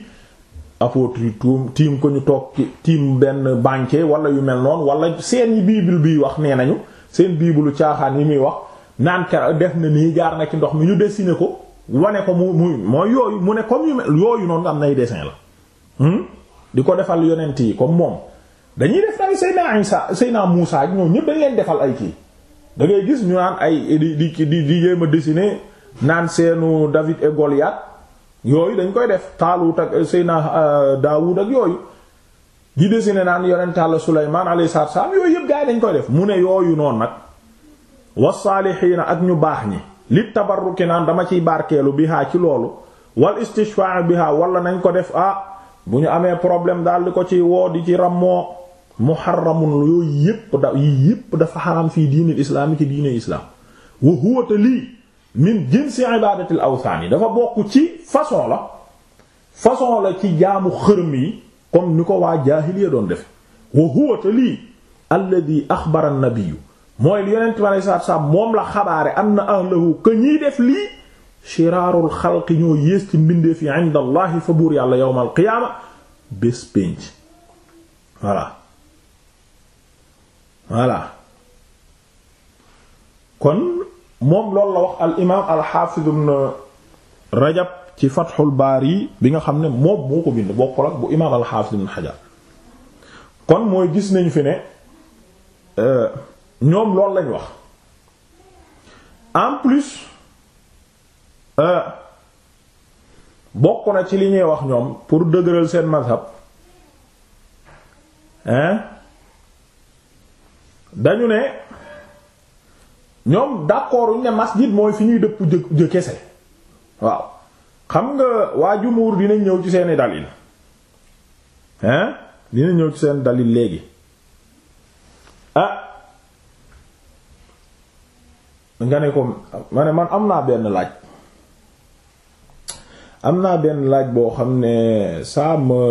apôtre yi tiim ko ñu toog ci tiim benn banquet wala yu mel noonu wala seen bible biy wax nee nañu seen bible caaxaan yi muy wax naan kera def na nii jaar na ci ndox mi ñu dessiné ko wane ko mu mu mooy yooyu mu ne comme yu yooyu noonu am nay dessin la hmm? di ko defal yonent yi comme moom dañuy def daal ñoom ñëpp dañ leen defal ay kii da ngay gis ñu naan ay di di di di jéem a naan seenu David et yooyu dañ koy def Taalut ak Seyna euh, Daawud ak yooyu di dessiné naan yonent Yàlla Sulaymaan alayhi salaam yooyu yëpp gaa yi dañ koy def mu ne yooyu noonu nag wasaalixiina ak ñu baax ñi li tabarruki naan dama ciy barkeelu bihaa ci loolu wal istishfaa bihaa walla nañ ko def ah bu ñu amee problème daal di ko ci woo di ci rammoo muharramun yooyu yépp yi yépp dafa xaram fii diinil islaami ci diinil islaam wa huwa te lii min jinsi ibaadatil awsaan yi dafa bokk ci façon la façon la ci jaamu xërëm yi comme ni ko waa jaahiliya doon def wa huwa te lii alladi mooy li yonent bi moom la xabaare anna ahlahu que ñiy def lii shiraarul xalqi ñoo yées ci mbindeef yi inda allahi yàlla yawmal qiyaama bés pénc voilà voilà kon moom loolu la wax al imaam al xaafiz ibn rajab ci fathul baari bi nga xam ne moom moo ko bind bokkul ak bu imaam al xaafiz ibn xajar kon mooy gis nañu fi ne euh, ñoom loolu lañ wax en plus euh, bokk na ci li ñuy wax ñoom pour dëgëral seen mazhab hein dañu ne ñoom d'accorduñ ne masjid mooy fi ñuy dëpp jë jë kese waaw xam nga waa jumuur dinañ ñëw ci seeni dalil hein dinañ ñëw ci seen dalil léegi ah, nga ne ko ma man am naa benn laaj am naa benn laaj boo xam ne ça me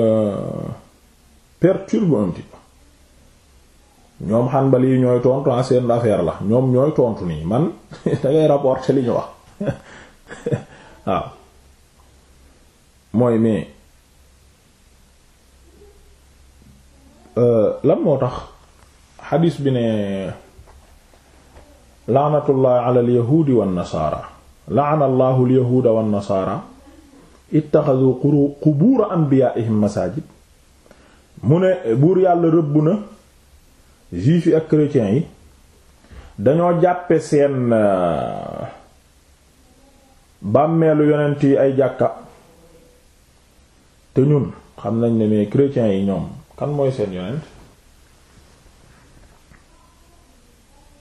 perturbe un petit peu ñoom ñooy tontu en ah, seen affaire la ñoom ñooy tontu nii man dangay rapporter li ñu wax waaw mooy mais euh, lan moo tax xadiis bi ne laanatullah ala alyahuudi wannasaara laana allahu alyahuuda wannasaara ittaxadu qubuura anbiyaa'ihim masaajid mu ne buur yàlla rëbb na juifs yi ak chrétiens yi dañoo jàppe seen euh, bàmmeelu yonent yi ay jàkka te ñun xam nañ ne mais chrétiens yi ñoom kan mooy seen yonent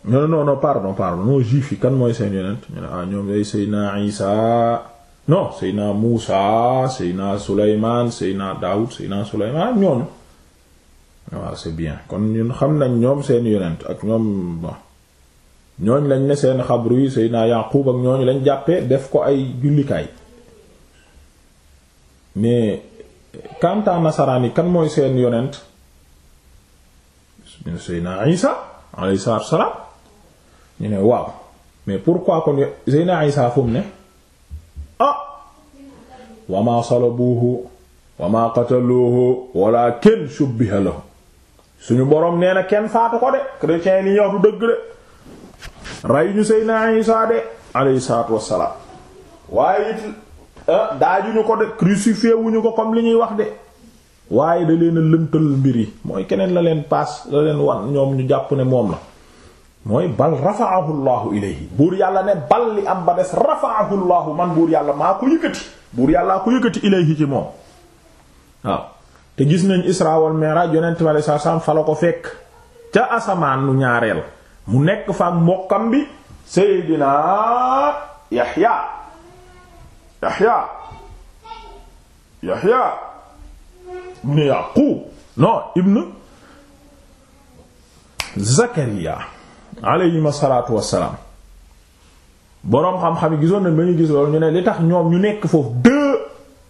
non non pardon pardon non juif yi kan mooy seen yonent ñu ne ah ñoom day Seydina Isa non Seydina Muusa Seydina Suleymaan Seydina Daawud Seydina Suleymaan ñooñu waaw c'est bien kon ñun xam nañ ñoom seen yonent ak ñoom bon ñooñ lañ ne seen xabru yi Seydina ak ñooñu lañ jàppee def ko ay jullikaay mais kanta nasaraan yi kan mooy seen yonent Seydina Isa alayhi salaam ñu ne waaw mais pour kon Seydina Isa fu mu ne ah wa ma salabuhu wa ma qataluhu walakin shubbiha lahu suñu boroom nee na kenn faatu ko de chrétien yi ñoo du dëgg de rey ñu Seydina Isa de alayhi salaatu wassalaam waaye it ah, daajuñu ko de crucifié wuñu ko comme li ñuy wax de waaye da leen a lëntal mbir yi mooy keneen la leen paas la leen wan ñoom ñu jàpp ne moom la mooy bal rafa'ahu ilayhi buur yàlla ne bal li am ba des rafa'ahu llahu man buur yàlla maa ko yëkkati buur yàllaa ko yëkkati ilayhi ci moom waaw te gis nañ isra wal mi'raj yonent bi alayhi salaam fa ko fekk ca asamaan ñaareel mu nekk fa mbokkam bi seydinaa yaxya yaxya yaxya ibn yaqub non ibn zakariya alayhim asalaatu wassalaam boroom xam-xam yi gisoon nañ ba ñu gis loolu ñu ne li tax ñoom ñu nekk foofu deux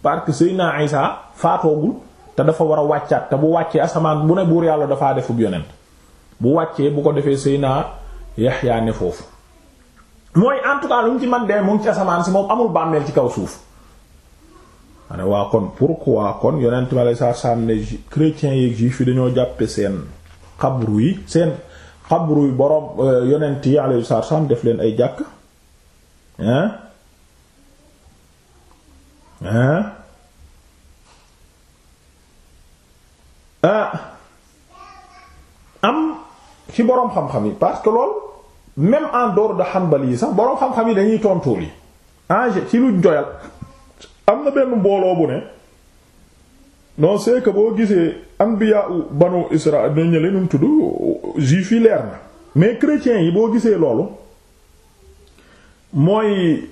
parce que Seydina Isa faatoogul te dafa war a wàccaat te bu wàccee asamaan bu ne buur yàlla dafaa defub yonent bu wàccee bu ko defee naa Yaxya ne foofu mooy en tout cas lu mu ci man dee mu ngi ci asamaan si moom amul bàmmeel ci kaw suuf ma ne waa kon pour pourquoi kon yonent ma lay saa saam ne chrétiens yeeg juifs yi dañoo jàppe seen xabru yi seen xabru borom euh, yonent yi alayhi salaam def leen ay jàkk hein hein ah. am ci boroom xam-xam yi parce que lool même en dehors de Hanbali yi sax boroom xam-xam yi dañuy tontuul yi ah, en ci lu joyal am na benn mbooloo bu ne non c'est que boo gisee anbiya u banu Isra na ñële nu mu tudd juif yi leer na mais chrétiens yi boo gisee loolu mooy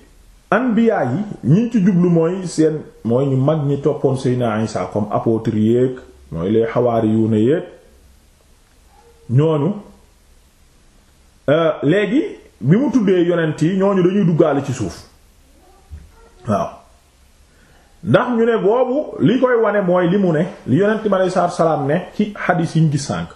anbiya yi ñi ci jublu mooy seen mooy ñu mag ñi toppoon Seydina Isa comme apôtre yéeg mooy les xawaari yu ne yéeg ñooñu euh, léegi bi mu tuddee yonent yi ñooñu dañuy duggaale ci suuf waaw ndax ñu ne boobu li koy wane mooy li mu ne li yonent mi aleyhi salaatu salaam ne ci xadiis yi ñu gis sànk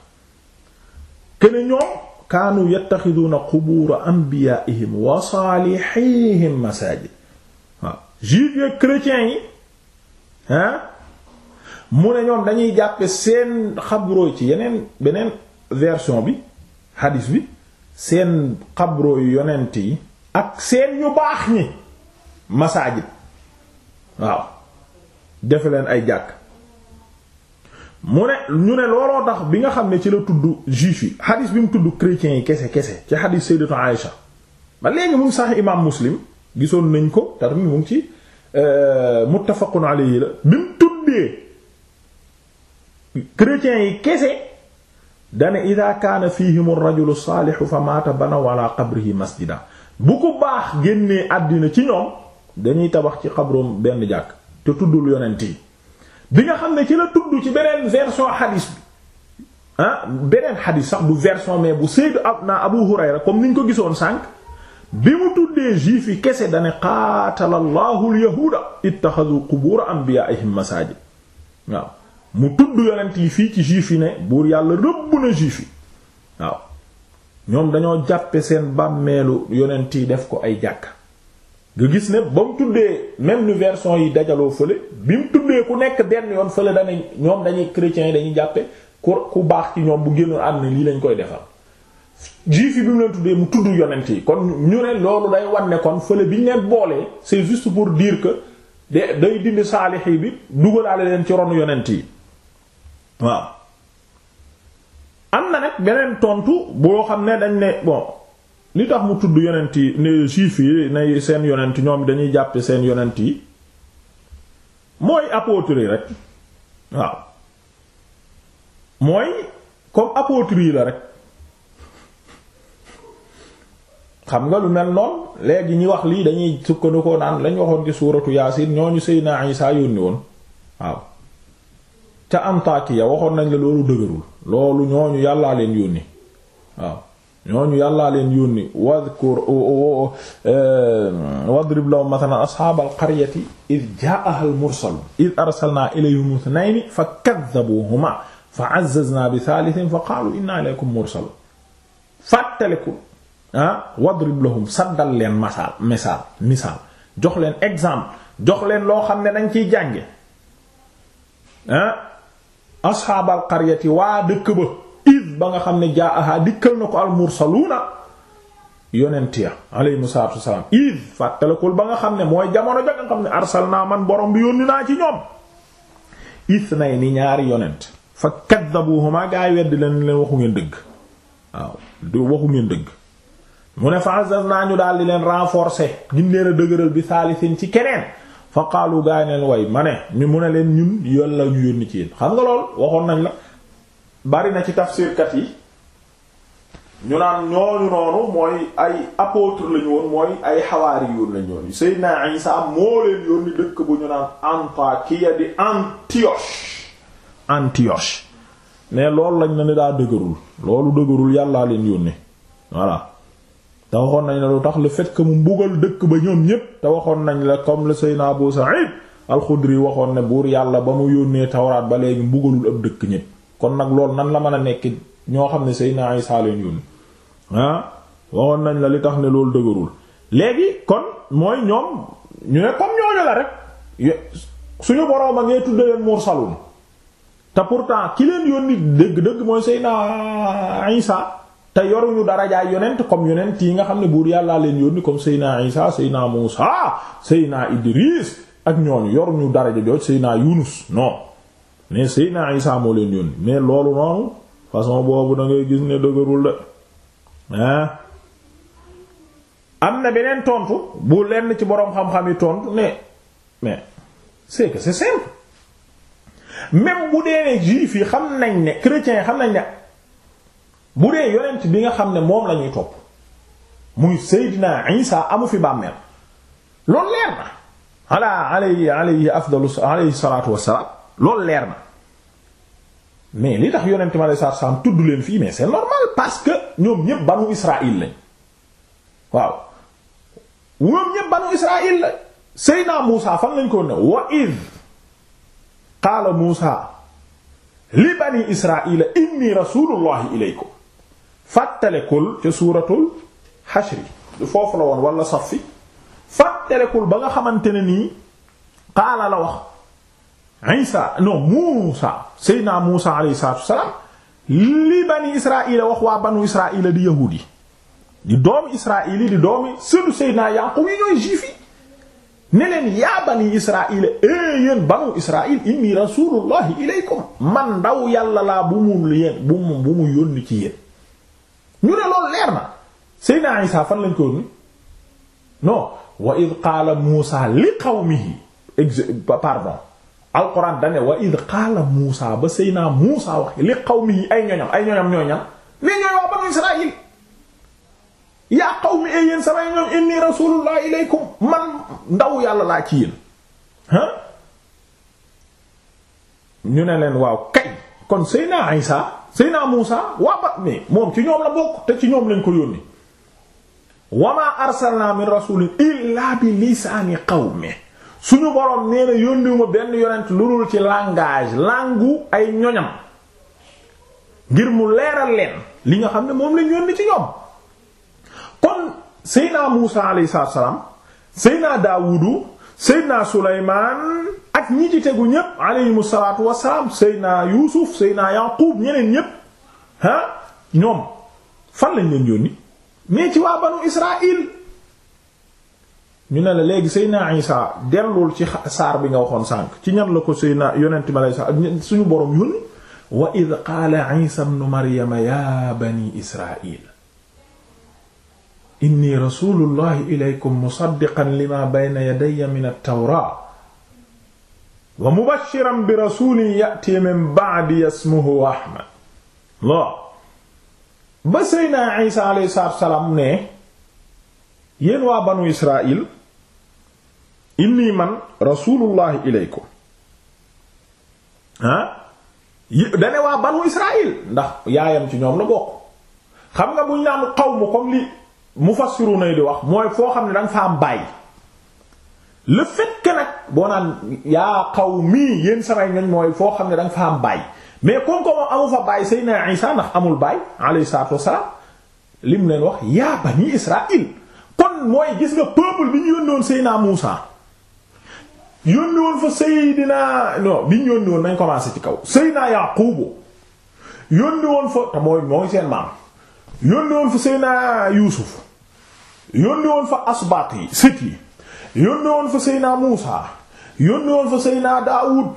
kene ñoom kaanu yattaxiduuna qubuura anbiyaa'ihim wa saalihihim masaajid waaw juifs yi chrétiens yi mu ne ñoom dañuy jàppe seen xabrooy ci yeneen beneen version bi xadiis bi seen xabro xabrooyu yonent yi ak seen ñu baax ñi masaajid waaw defe leen ay jàkk mu ne ñu ne looloo tax bi nga xam ne ci la tudd juif yi xadis bi mu tudd chrétiens yi kese kese ci xadis sayyidatu Aïsha ba léegi mu ngi sax imaam muslim gisoon nañ ko te tamit mu ngi ci euh, muttafaqun alayhi la bi mu tuddee chrétiens yi kese dana ida kaana fihim ar-rajulu saalihu fa maata banaw ala qabrihi masjida bu ko baax génnee àddina ci ñoom dañuy tabax ci xabroom benn jàkk te tuddul yonent yi bi nga xam ne ci la tudd ci beneen version xadiis bi ah beneen xadiis sax du version mais bu ab na Abu Hurayra comme niñ ko gisoon sànq bi mu tuddee juif yi kese dane qaatala allahu alyahuuda ittaxadu qubuura anbiyaa'ihim masaajid waaw mu tudd yonent yi fii ci juif yi ne buur yàlla rëbb na juif yi waaw ñoom dañoo jàppe seen bàmmeelu yonent yi def ko ay jàkk nga gis ne ba mu tuddee même nu version yi dajaloo fële bi mu tuddee ku nekk denn yoon fële dañuy ñoom dañuy chrétiens yi dañuy jàppe ku ku baax ci ñoom bu génnoon àdduna lii lañ koy defal juif yi bi mu leen tuddee mu tudd yonent yi kon ñu ne loolu day wan ne kon fële bi ñu leen boolee c'est juste pour dire que de day dindi saalixi bi dugalaale leen ci ronu yonent yi waaw am na nag beneen tontu boo xam ne dañ ne bon li tax mu tudd yonent yi ne juif yi ne seen yonent ñoom dañuy jàppe seen yonent yi mooy apôtres rek waaw mooy comme apôtres la rek xam nga lu mel noonu léegi ñi wax lii dañuy sukkandikoo naan lañ waxoon di suuratu yaasin ñooñu Seydina saa yónni woon waaw ca Antakiya waxoon nañ la loolu dëgërul loolu ñooñu yàllaa leen yónni waaw ñooñu yàllaa leen yónni wadkur eh, wadrib law mathalan ashaabal qaryati id jaa'ahal mursalun id arsalnaa ilayhim ithnayni fakadhabuuhumaa fa'azzaznaa bithaalithin faqaaluu innaa ilaykum mursaluun fàttaliku ah wadrib lahum saddal leen masaal misaal misaal jox leen exemple jox leen loo xam ne dañ ciy jànge ah ashaabal qaryati waa dëkk ba id ba nga xam ne jaa aha dikkal na ko almursaluuna yonent ya aleyhimu salaatu wasalaam id fàttalikul ba nga xam ne mooy jamono ja nga xam ne arsalnaa man borom bi yónni naa ci ñoom isnay ni ñaari yonent fa kaddabuhuma gaa yi weddi leen leen waxu ngeen dëgg waaw du waxu ngeen dëgg mu ne fa naa ñu daal di leen renforcer gin leen a dëgëral bi saalisin ci keneen fa qaalu gaa neen way ma ne ñu mu ne leen ñun yoon la ñu yónni ci yéen xam nga lool waxoon nañ la bari na ci tafsirkat yi ñu naan ñooñu noonu mooy ay apôtre lañu woon mooy ay xawaari yoon lañu woon Seydina Isa moo leen yónni dëkk bu ñu naan Antakiya di Antioche Antioche ne loolu lañ na ne daa dëgërul loolu dëgërul yàllaa leen yónni voilà te waxoon nañ la lu tax le fait mu mbugal dëkk ba ñoom ñépp te waxoon nañ la comme le Seydina Abu Sa'id al-Khudri waxoon ne buur yàlla ba mu yónnee tawraat ba léegi mbugalul ab dëkk ñépp kon nag loolu nan la mën a nekk ñoo xam ne Seydina Isa leen yónni ah waxoon nañ la li tax ne loolu dëgërul léegi kon mooy ñoom ñu ne comme ñooñu la rek suñu boroom a ngay tudd leen mursalun te pourtant ki leen yónni dëgg-dëgg mooy Seydina Isa te yoruñu darajaay yonent comme yonent yi nga xam ne buur yàllaa leen yónni comme Seydina Isa Seydina Muusa Seydina Idris ak ñooñu yoruñu daraja jooj Seydina Yunus non mais Seydina Isa moo leen yónni mais loolu noonu façon boobu da gis ne dëgërul de ah am na beneen tontu bu lenn ci boroom xam-xam yi tontu ne mais c'est que c'est simple même bu dee ne juif yi xam nañ ne chrétiens yi xam nañ ne bu dee yonent bi nga xam ne moom la ñuy topp muy Seydina Isa amu fi bàmmeel loolu leer na ala alayhi alayhi afdalu alayhi salaatu wassalaam lool leer na mais li tax yonent ma lay saa saam tudd leen fii mais c'est normal parce que ñoom ñépp banu Israël lañ waaw ñoom ñépp banu Israël lañ Seyna Muusa fan lañ ko ne wa id qaala Muusa li bani Israël inni rasulullahi ilaykum fàttalekul ca suuratul Hashr foofu la woon wala Saffi fàttalekul ba nga xamante ne nii qaala la wax. Isa non Muusa Seydina Muusa alayhi salaatu wassalaam li bani Israaïla wax waa banu Israaïla di yahuudi di doomi Israaïli di doomi sëlu Seydina Yaaqub yi ñooy juif yi ne leen yaa bani Israaïla ee eh, yéen banu Israaïl inni rasuulullahi ilaykum man ndaw yàlla laa bu mu yéen bu mu bu mu yónni ci yéen. ñu ne loolu leer na Seydina Isa fan lañ ko yónni non wa id qaala Muusa li qawmihi exe pardon. alquran dane wa id qaala Muusa ba Seyna Muusa wax li qawmi ay ñoñam ay ñoñam ñoñam li ñooy wax banu Israël yaa qawmi ay yéen samay ñoom inni rasulullah ilaykum man ndaw yàlla laa ci yéen ah ñu ne leen waaw kay kon Seyna Isa Seyna Muusa waa ba mais moom ci ñoom la bokk te ci ñoom lañ ko yónni wa ma arsalna min rasulin illa bi lisaani qawmi suñu borom nee na yónniwuma benn yonent lu dul ci langage langu ay ñoñam ngir mu leeral leen li nga xam ne moom lañ yónni ci ñoom kon seydna Muusa alayhi salaam seydna Daawudu seydna Sulaymaan ak ñi ci tegu ñépp alayhimu salaatu wassalaam seydna Yuusuf seydna Yaaqub ñeneen ñépp ah ñoom fan lañ leen yónni mais ci waa banu Israaïl ñu ne la léegi Seydina Isa dellul ci saar bi nga waxoon sànq ci ñan la ko Seydina yonent ma lay sax ak suñu boroom yónni wa id qaala Isa ibnu Maryama ya bani Israil inni rasulullahi ilaykum musaddiqan lima bayna yadayya min at wa mubashiran bi rasulin ya'ti min ba'di ismuhu Ahmad la ba Seydina Isa alayhi salaam ne yéen waa banu Israil inni man rasulullahi ilaykum ah dane waa banu israil ndax yaayam ci ñoom la bokk xam nga buñ naan mu comme li mufassiruna di wax mooy foo xam ne danga fa am bàyyi le fait que nag boo naan yaa qawmi yéen samay ñoñ mooy foo xam ne danga fa am bàyyi mais kon ko moom amu fa bàyyi Seydina ndax amul bàyyi alayhi salaatu wassalaam lim leen wax yaa bani israil kon mooy gis nga peuple bi ñu yónnoon Seydina Muusa yónni woon fa Seydina non biñ yónni woon nañ commencé ci kaw Seydina Yaqubu yónni woon fa te mooy mooy seen maam yónni woon fa Seydina Yuusuf yónni woon fa asbaat yi sët yi yónni fa Seydina Muusa yónni fa Seydina Daawud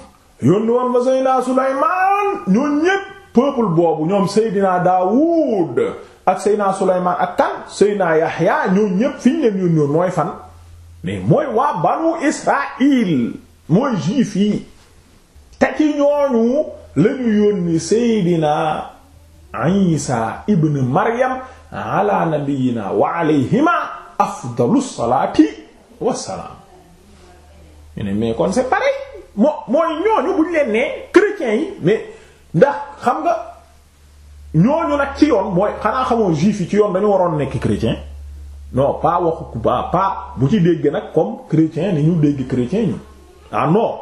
yónni fa Seydina Sulaymaan ñoom ñépp peuple boobu ñoom seydinaa Daawud ak Seydina Sulaymaan ak kan Seydina Yaxya ñoom ñépp fiñ ñu leen mooy fan mais mooy waa banu Israël mooy juif yi te ñooñu lañu yónni seydina Isa ibn Maryam ala nabiyina wa alayhima afdalu salaati wassalaam ñu ne mais kon c'est pareil moo mooy ñooñu buñ leen nee chrétiens yi mais ndax xam nga ñooñu nag ci yoon mooy xanaa xamoo juif yi ci yoon dañu waroon nekk chrétien non pas waxu ku ba pas bu ci dégg nag comme chrétien ni ñu dégg chrétien ñu ah non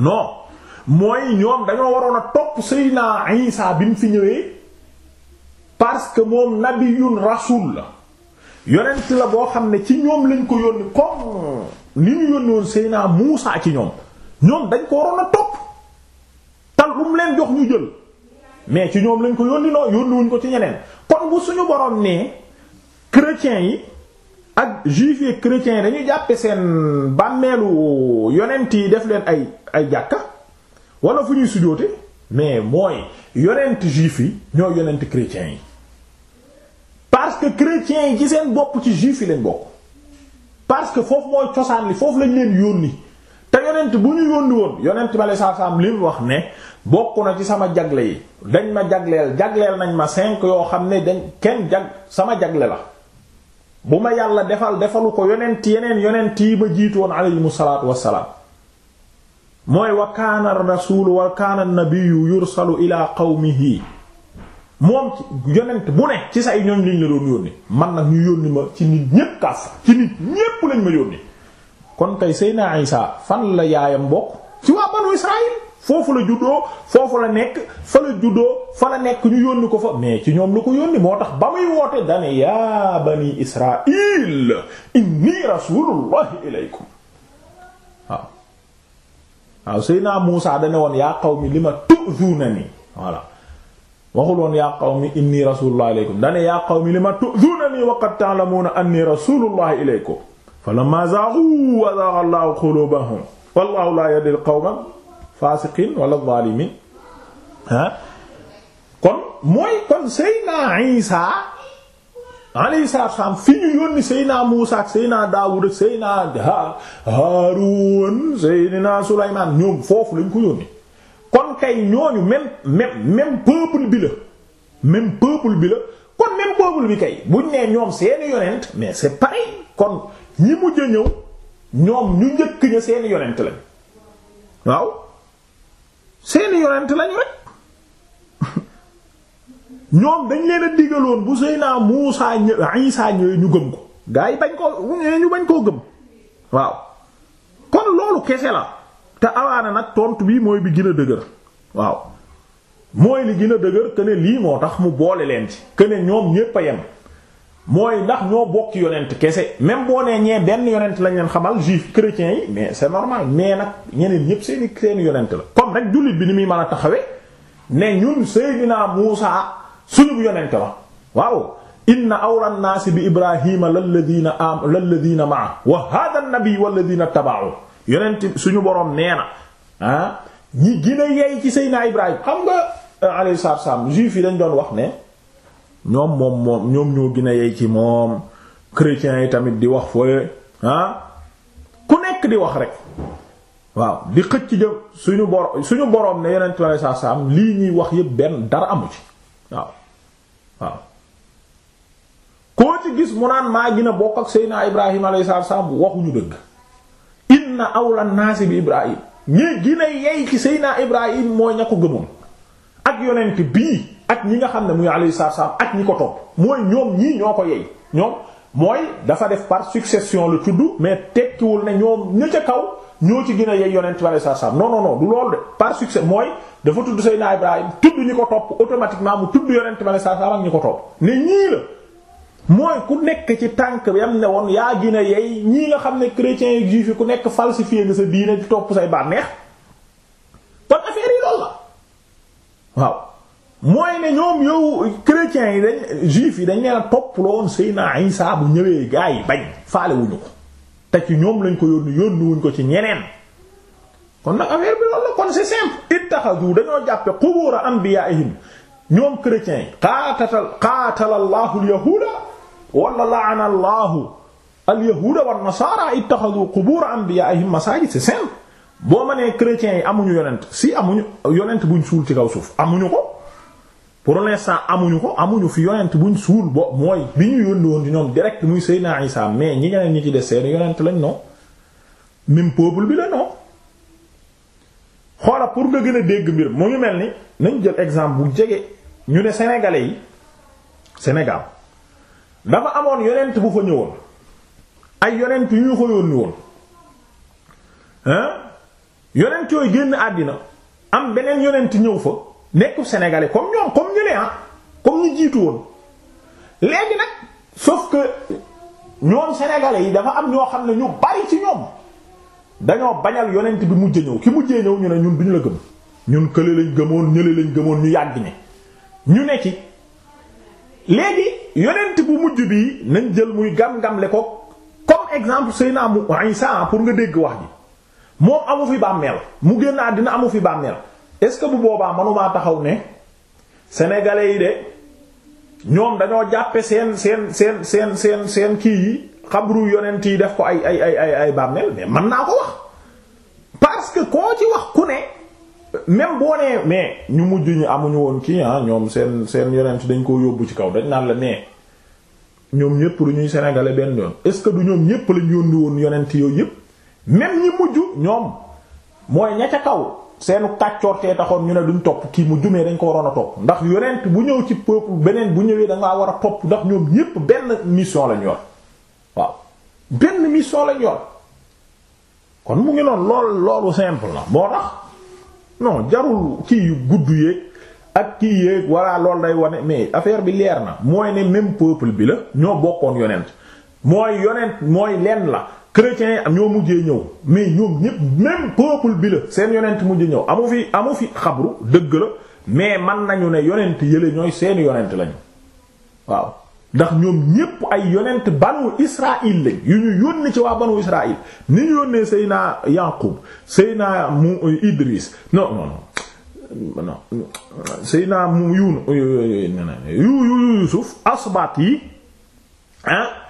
non mooy ñoom dañoo waroon a topp Seydina Isa bi mu fi ñëwee parce que moom nabiyun rasul la yonent la boo xam ne ci ñoom lañ ko yónni comme ni ñu yónni woon Seydina Muusa ci ñoom ñoom dañ ko waroon a topp tal lu leen jox ñu jël mais ci ñoom lañ ko yónni noo yónni wuñ ko ci ñeneen kon bu suñu borom nee. chrétiens yi ak juifs yi chrétiens yi dañu jàppe seen bàmmeelu yonent yi def leen ay ay jàkka wala fu ñuy sujoote mais mooy yonent juif yi ñoo yonent chrétiens yi parce que chrétiens yi ci seen bopp ci juif yi leen bokk parce que foofu mooy cosaan li foofu lañ leen yónni te yonent bu ñu yónni woon yonent bi aleyhi salaatu salaam li wax ne bokk na ci sama jagle yi dañ ma jagleel jagleel nañ ma cinq yoo xam ne dañ kenn jag sama jagle la bu ma yàlla defal defalu ko yonent yeneen yonent yi ma jiitu woon aleyhim salaatu wassalaam mooy wa kaana rasuulu wa kaana nabiyu yursalu ila qawmihi moom ci yonent bu ne ci say ñoñ liñ la doon yónni man nag ñu yónni ma ci nit ñépp kaaf ci nit ñépp lañ ma yónni kon kay Seydina Isaa fan la yaayam bokk ci waa banu Israayil foofu la juddoo foofu la nekk fa la juddoo fa la nekk ñu yónni ko fa mais ci ñoom la ko yónni moo tax ba muy woote dane yaa bani israil inni rasulullahi ilaykum waaw waaw Seydina Muusa dane woon yaa qawmi lima tu'zunani voilà waxul woon yaa qawmi inni rasulullahi ilaykum dane yaa qawmi lima tu'zunani wa qad ta'lamuna anni rasulullahi ilaykum falamma zaaghuu wa zaagha Allahu qulubahum wallahu la yahdi al-qawma faasiqiin wala zaalimiin ah kon mooy kon Seydina Isa alayhi salaam fi ñu yónni Seydina Muusa ak Seydina Daawud ak Seydina Haaruun Seydina ñoom foofu lañ ko yónni kon kay ñooñu même même même peuple bi la même peuple bi la kon même peuple bi kay buñ nee ñoom seeni yonent mais c'est pareil kon ñi mujj ñëw ñoom ñu njëkk ña seeni yonent lañ waaw seeni yonent lañu rek ñoom dañ leen a digaloon bu Seydina Muusaa ñë- Isaa ñëwee ñu gëm ko gaa yi bañ koo ñu bañ koo gëm waaw kon loolu kese la te awaana nag tontu bi mooy bi gën a dëgër waaw mooy li gën a dëgër que ne lii moo tax mu boole leen ci que ne ñoom ñépp a yem mooy ndax ñoo bokk yonent kese même boo nee ñee benn yonent lañ leen xamal juif chrétiens yi mais c'est normal mais nag ñeneen ñépp seeni seeni yonent la comme rek jullit bi ni muy man a taxawe ne ñun naa Muusa suñu yonent la waaw inna awla nnaasi bi la ibrahima lalladina la lalladina maa wa hada nabi walladina taba'u yonent suñu boroom nee na ah ñi gën a yey ci Seydina Ibrahima xam nga alayhi salaam juif la dañ doon wax ne ñoom moom moom ñoom ñoo gën a yey ci moom chrétiens yi tamit di wax fooye ah, ku nekk di wax rek waaw di xëcc jëm suñu bor suñu borom ne yeneen tubaab saa lii ñuy wax yépp benn dara amu ci waaw waaw koo ci gis mu naan maa gën a bokk ak Seydina Ibrahima alayhi salaam waxuñu dëgg inna awla naasi bi Ibrahim ñi gën a yey ci Seydina Ibrahim mooy ña ko gëmoon ak yonent bii. ak ñi nga xam ne muy alayhi salaam ak ñi ko topp mooy ñoom ñii ñoo ko yey ñoom mooy dafa def par succession la tudd mais tekkiwul ne ñoom ña ca kaw ñoo ci gën a yey yonent bi alayhi salaam non non loolu de par succès mooy dafa tudd Seydina Ibrahim tudd ñi ko topp automatiquement mu tudd yonent bi alayhi salaam ak ñi ko topp ne ñii la. mooy ku nekk ci tànk bi am ne woon yaa gina yey ñii nga xam ne chrétiens yi juif yi ku nekk falsifié nga sa diine di topp say bànneex kon affaire yi loolu la waaw mooy ne ñoom yow chrétiens yi dañ juif yi dañ leen a toppaloon Seyna Isa bu ñëwee gaa yi bañ faale wuñu ko te ci ñoom lañ ko yónni yónni wuñ ko ci ñeneen kon nag affaire bi loolu la kon c'est simple ittaxadu dañoo jàppe qubur anbiyaa'ihim ñoom chrétiens yi qaatatal qaatala allahu alyahuuda wala la'ana allahu alyahuuda wan nasaara ittaxadu qubur anbiyaa'ihim masaajid c'est simple boo ma nee chrétiens yi amuñu yonent si amuñu yonent buñ suul ci kaw suuf amuñu ko pour l'instant amuñu ko amuñu fi yonent buñ suul bo mooy bi ñu yónni woon ci ñoom direct muy Seydina Isa mais ñi ñeneen ñi ci des seen yonent lañ non même peuple bi la non xoola pour nga gën a dégg mbir mu ngi mel ni nañ jël exemple bu jege ñu ne sénégalais yi Sénégal dafa amoon yonent bu fa ñëwoon ay yonent yu ko fa yónni woon hein yonent yooyu génn àddina am beneen yonent ñëw fa. nekkul sénégalais comme ñoom comme ñu ne ah comme ñu jiitu woon léegi nag sauf que ñoom sénégalais yi dafa am ñoo xam ne ñu bari ci ñoom dañoo bañal yonent bi mujj ñëw ki mujjee ñëw ñu ne ñun ñu la gëm ñun kële lañ gëmoon ñële lañ gëmoon ñu yàgg ne ñu ne ci léegi yonent bu mujj bi nañ jël muy gam-gamle ko comme exemple Seydina Isa pour nga dégg wax ji moom amu fi bàmmeel mu génn dina amu fi bàmmeel est-ce que bu boobaa manumaa taxaw ne sénégalais yi de ñoom dañoo jàppe seen seen seen seen seen seen kii yi xabru yonent yi def ko ay ay ay ay ay bàmmeel mais mën naa ko wax parce que koo ci wax ku ne même boo nee mais ñu mujj ñu amuñu woon kii ah ñoom seen seen yonent dañ koo yóbbu ci kaw dañ naan la nee ñoom ñépp lu ñuy sénégalais benn yoon est-ce que du ñoom ñépp lañ yónni woon yonent yooyu yépp même ñi mujj ñoom mooy ña ca kaw. seenu kàccoortee taxoon ñu ne duñ topp kii mu jumee dañ ko waroon a topp ndax yonent bu ñëw ci peuple beneen bu ñëwee da war a topp ndax ñoom ñépp benn mission lañ yor waaw benn mission lañ yor kon mu ngi noonu lool loolu simple la moo tax non jarul kii yu gudd yeeg ak kii yeeg walla loolu day wane mais affaire bi leer na mooy ne même peuple bi la ñoo bokkoon yonent mooy yonent mooy lenn la. chrétiens yi ñoo mujjee ñëw mais ñoom ñépp même peuple bi la seen yonent mujj ñëw amu fi amu fi xabru dëgg la mais man nañu ne yonent yële ñooy seen yonent lañu waaw ndax ñoom ñépp ay yonent banu Israël lañ yu ñu yónni ci waa banu Israël ni ñu yónnee Seyna Yaqub Seyna mu euh, Idris non non non Seyna mu Yunu euh, yu Yusuf asbaat yi ah.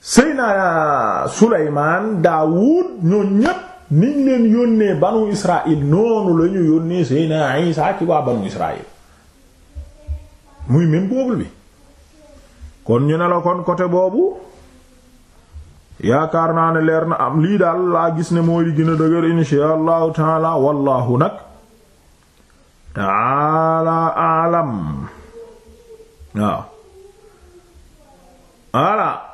seyna Suleymaan Daawud ñoom ñépp niñ leen yónnee banu Israël noonu la ñu yónnee seyna Isa ci waa banu Israël muy même boobu bi kon ñu ne la kon côté boobu yaakaar naa ne leer na am lii daal laa gis ne mooy li gën a dëgër insha allahu taala nag taala alam waaw ala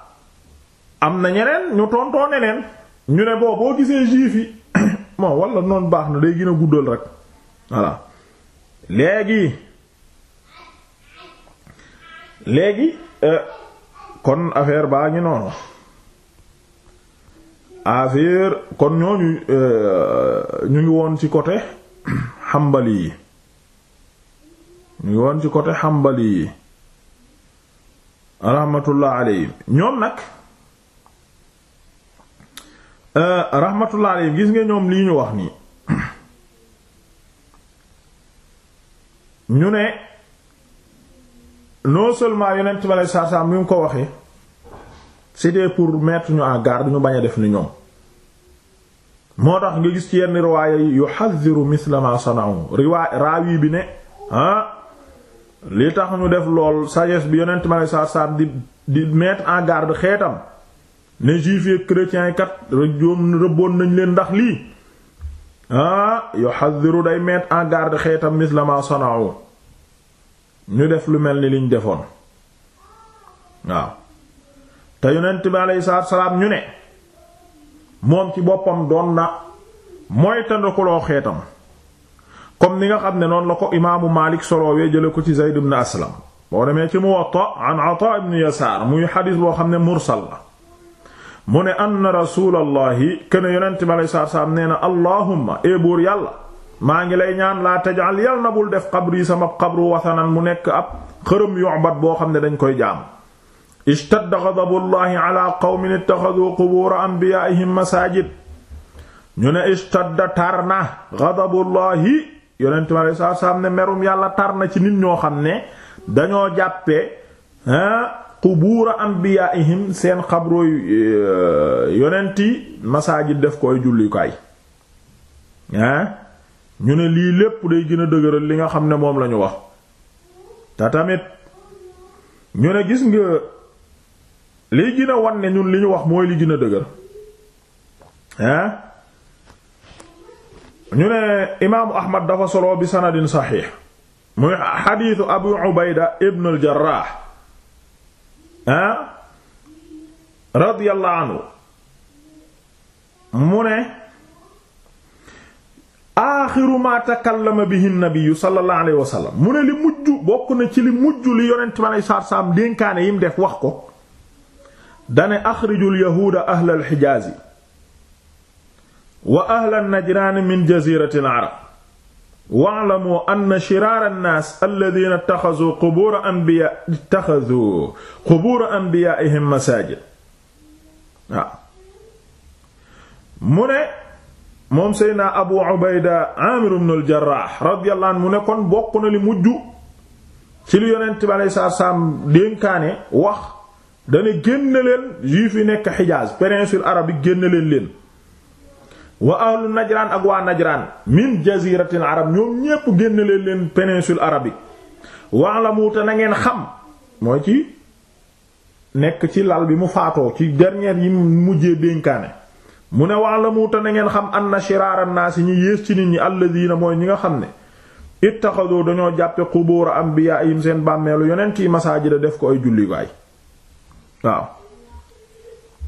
am na ñeneen ñu tontoone leen ñu ne boo boo gisee juif yi bon wala noonu baax na day gën a guddal rek voilà léegi léegi euh, kon affaire baa ngi noonu affaire kon ñooñu euh, ñu ngi woon ci côté xambali yi ñu ngi woon ci côté xambali yi rahmatullah alayhim ñoom nag Euh, rahmatullah gis nga ñoom lii ñu wax nii ñu ne non seulement yonent bi aleyhi salaatu salaam mi ngi ko waxee c'était pour mettre ñu en garde ñu bañ a def ni ñoom moo tax nga gis ci yenn riwaaya yi yuhadhiru mithla ma sana'u riwaaya raawi bi ne ah li tax ñu def lool sagesse bi yonent bi aleyhi salaatu salaam di di mettre en garde xeetam ne juifs yi chrétiens kat rëjoon rëbboon nañ leen ndax lii ah yuhadhiru day mettre en garde xeetam mislama sana'u ñu def lu mel ni liñ defoon waaw te yonent bi aleyhi salaatu ñu ne moom ci boppam doon na mooy tandakuloo xeetam comme ni nga xam ne noonu la ko imaamu Maalik solowee jële ko ci Zayd ibn Aslam boo demee ci Muwatta an Ataa ibn Yasaar muy xadiis boo xam ne mursal la mu ne an rasulallahi kene yonente bi alei saatu nee na allahumma e buur yàlla maa ngi lay ñaan laa tajal yàlla na bul def qabri sama qabru wasanan mu nekk ab xërëm yu'bad boo xam ne dañ koy jaam ishtadda ghadabullahi ala qawmin ittakhadhu qubur anbiyaa'ihim masajid ñu ne ishtadda tar na ghadabullahi yonente bi alei saatu ne merum yàlla tar na ci nit ñoo xam ne dañoo jàppee qubuura anbiyaa'ihim seen xabro euh, yonenti masaajid def koy jullukaay ñu ne lii lépp day gën a dëgëral li nga xam ne moom lañu wax te tamit ñu ne gis nga liy gën a wan ne ñun li ñu wax mooy li gën a dëgër ah ñu ne imaamu ahmad dafa solo bi sanadin saxiix muy xadiisu abu ubayda ibn al jarraax ah radiyallahu anhu mu ne aaxiru ma takallama bihi nabiyu sallallahu alayhi mu ne li mujj bokk na ci li mujj li yonent bi alei saatu salaam dénkaane yim def wax ko dane axrijul yahuuda ahlal xijaazi wa ahlal najraani min jaziratil arab wa'lamu anna shiraara mu ne moom Seydina Abu Ubayda Aamir ibn al-Jarraah radiyallahu mu ne kon bokk na li mujj ci li Yonent bi alayhi salaatu salaam dénkaane wax dana génn leen juif nekk Hijaaz péninsule arabe génn leen waa ahlu najraan ak waa najraan min jaziratil arab ñoom ñépp génn leen leen péninsule waa la te na ngeen xam mooy ci nekk ci lal bi mu faatoo ci dernier yi mujjee dénkaane mu ne la te na ngeen xam anna shiraara naasi ñi yées ci nit ñi alladina mooy ñi nga xam ne ittaxadoo dañoo jàppe qubuura anbiyaa'ihim seen bàmmeelu yonent yi masaajida def ko ay julli waay waaw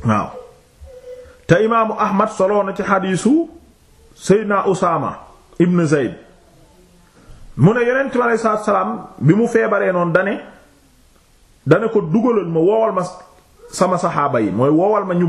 waaw te imaamu ahmad soloo na ci xadiisu seydna usaama ibn zeyd mu ne yonent ci aleyhi salaatu salaam bi mu feebaree noonu dane dane ko dugalal ma woowal ma sama saxaaba yi mooy woowal ma ñu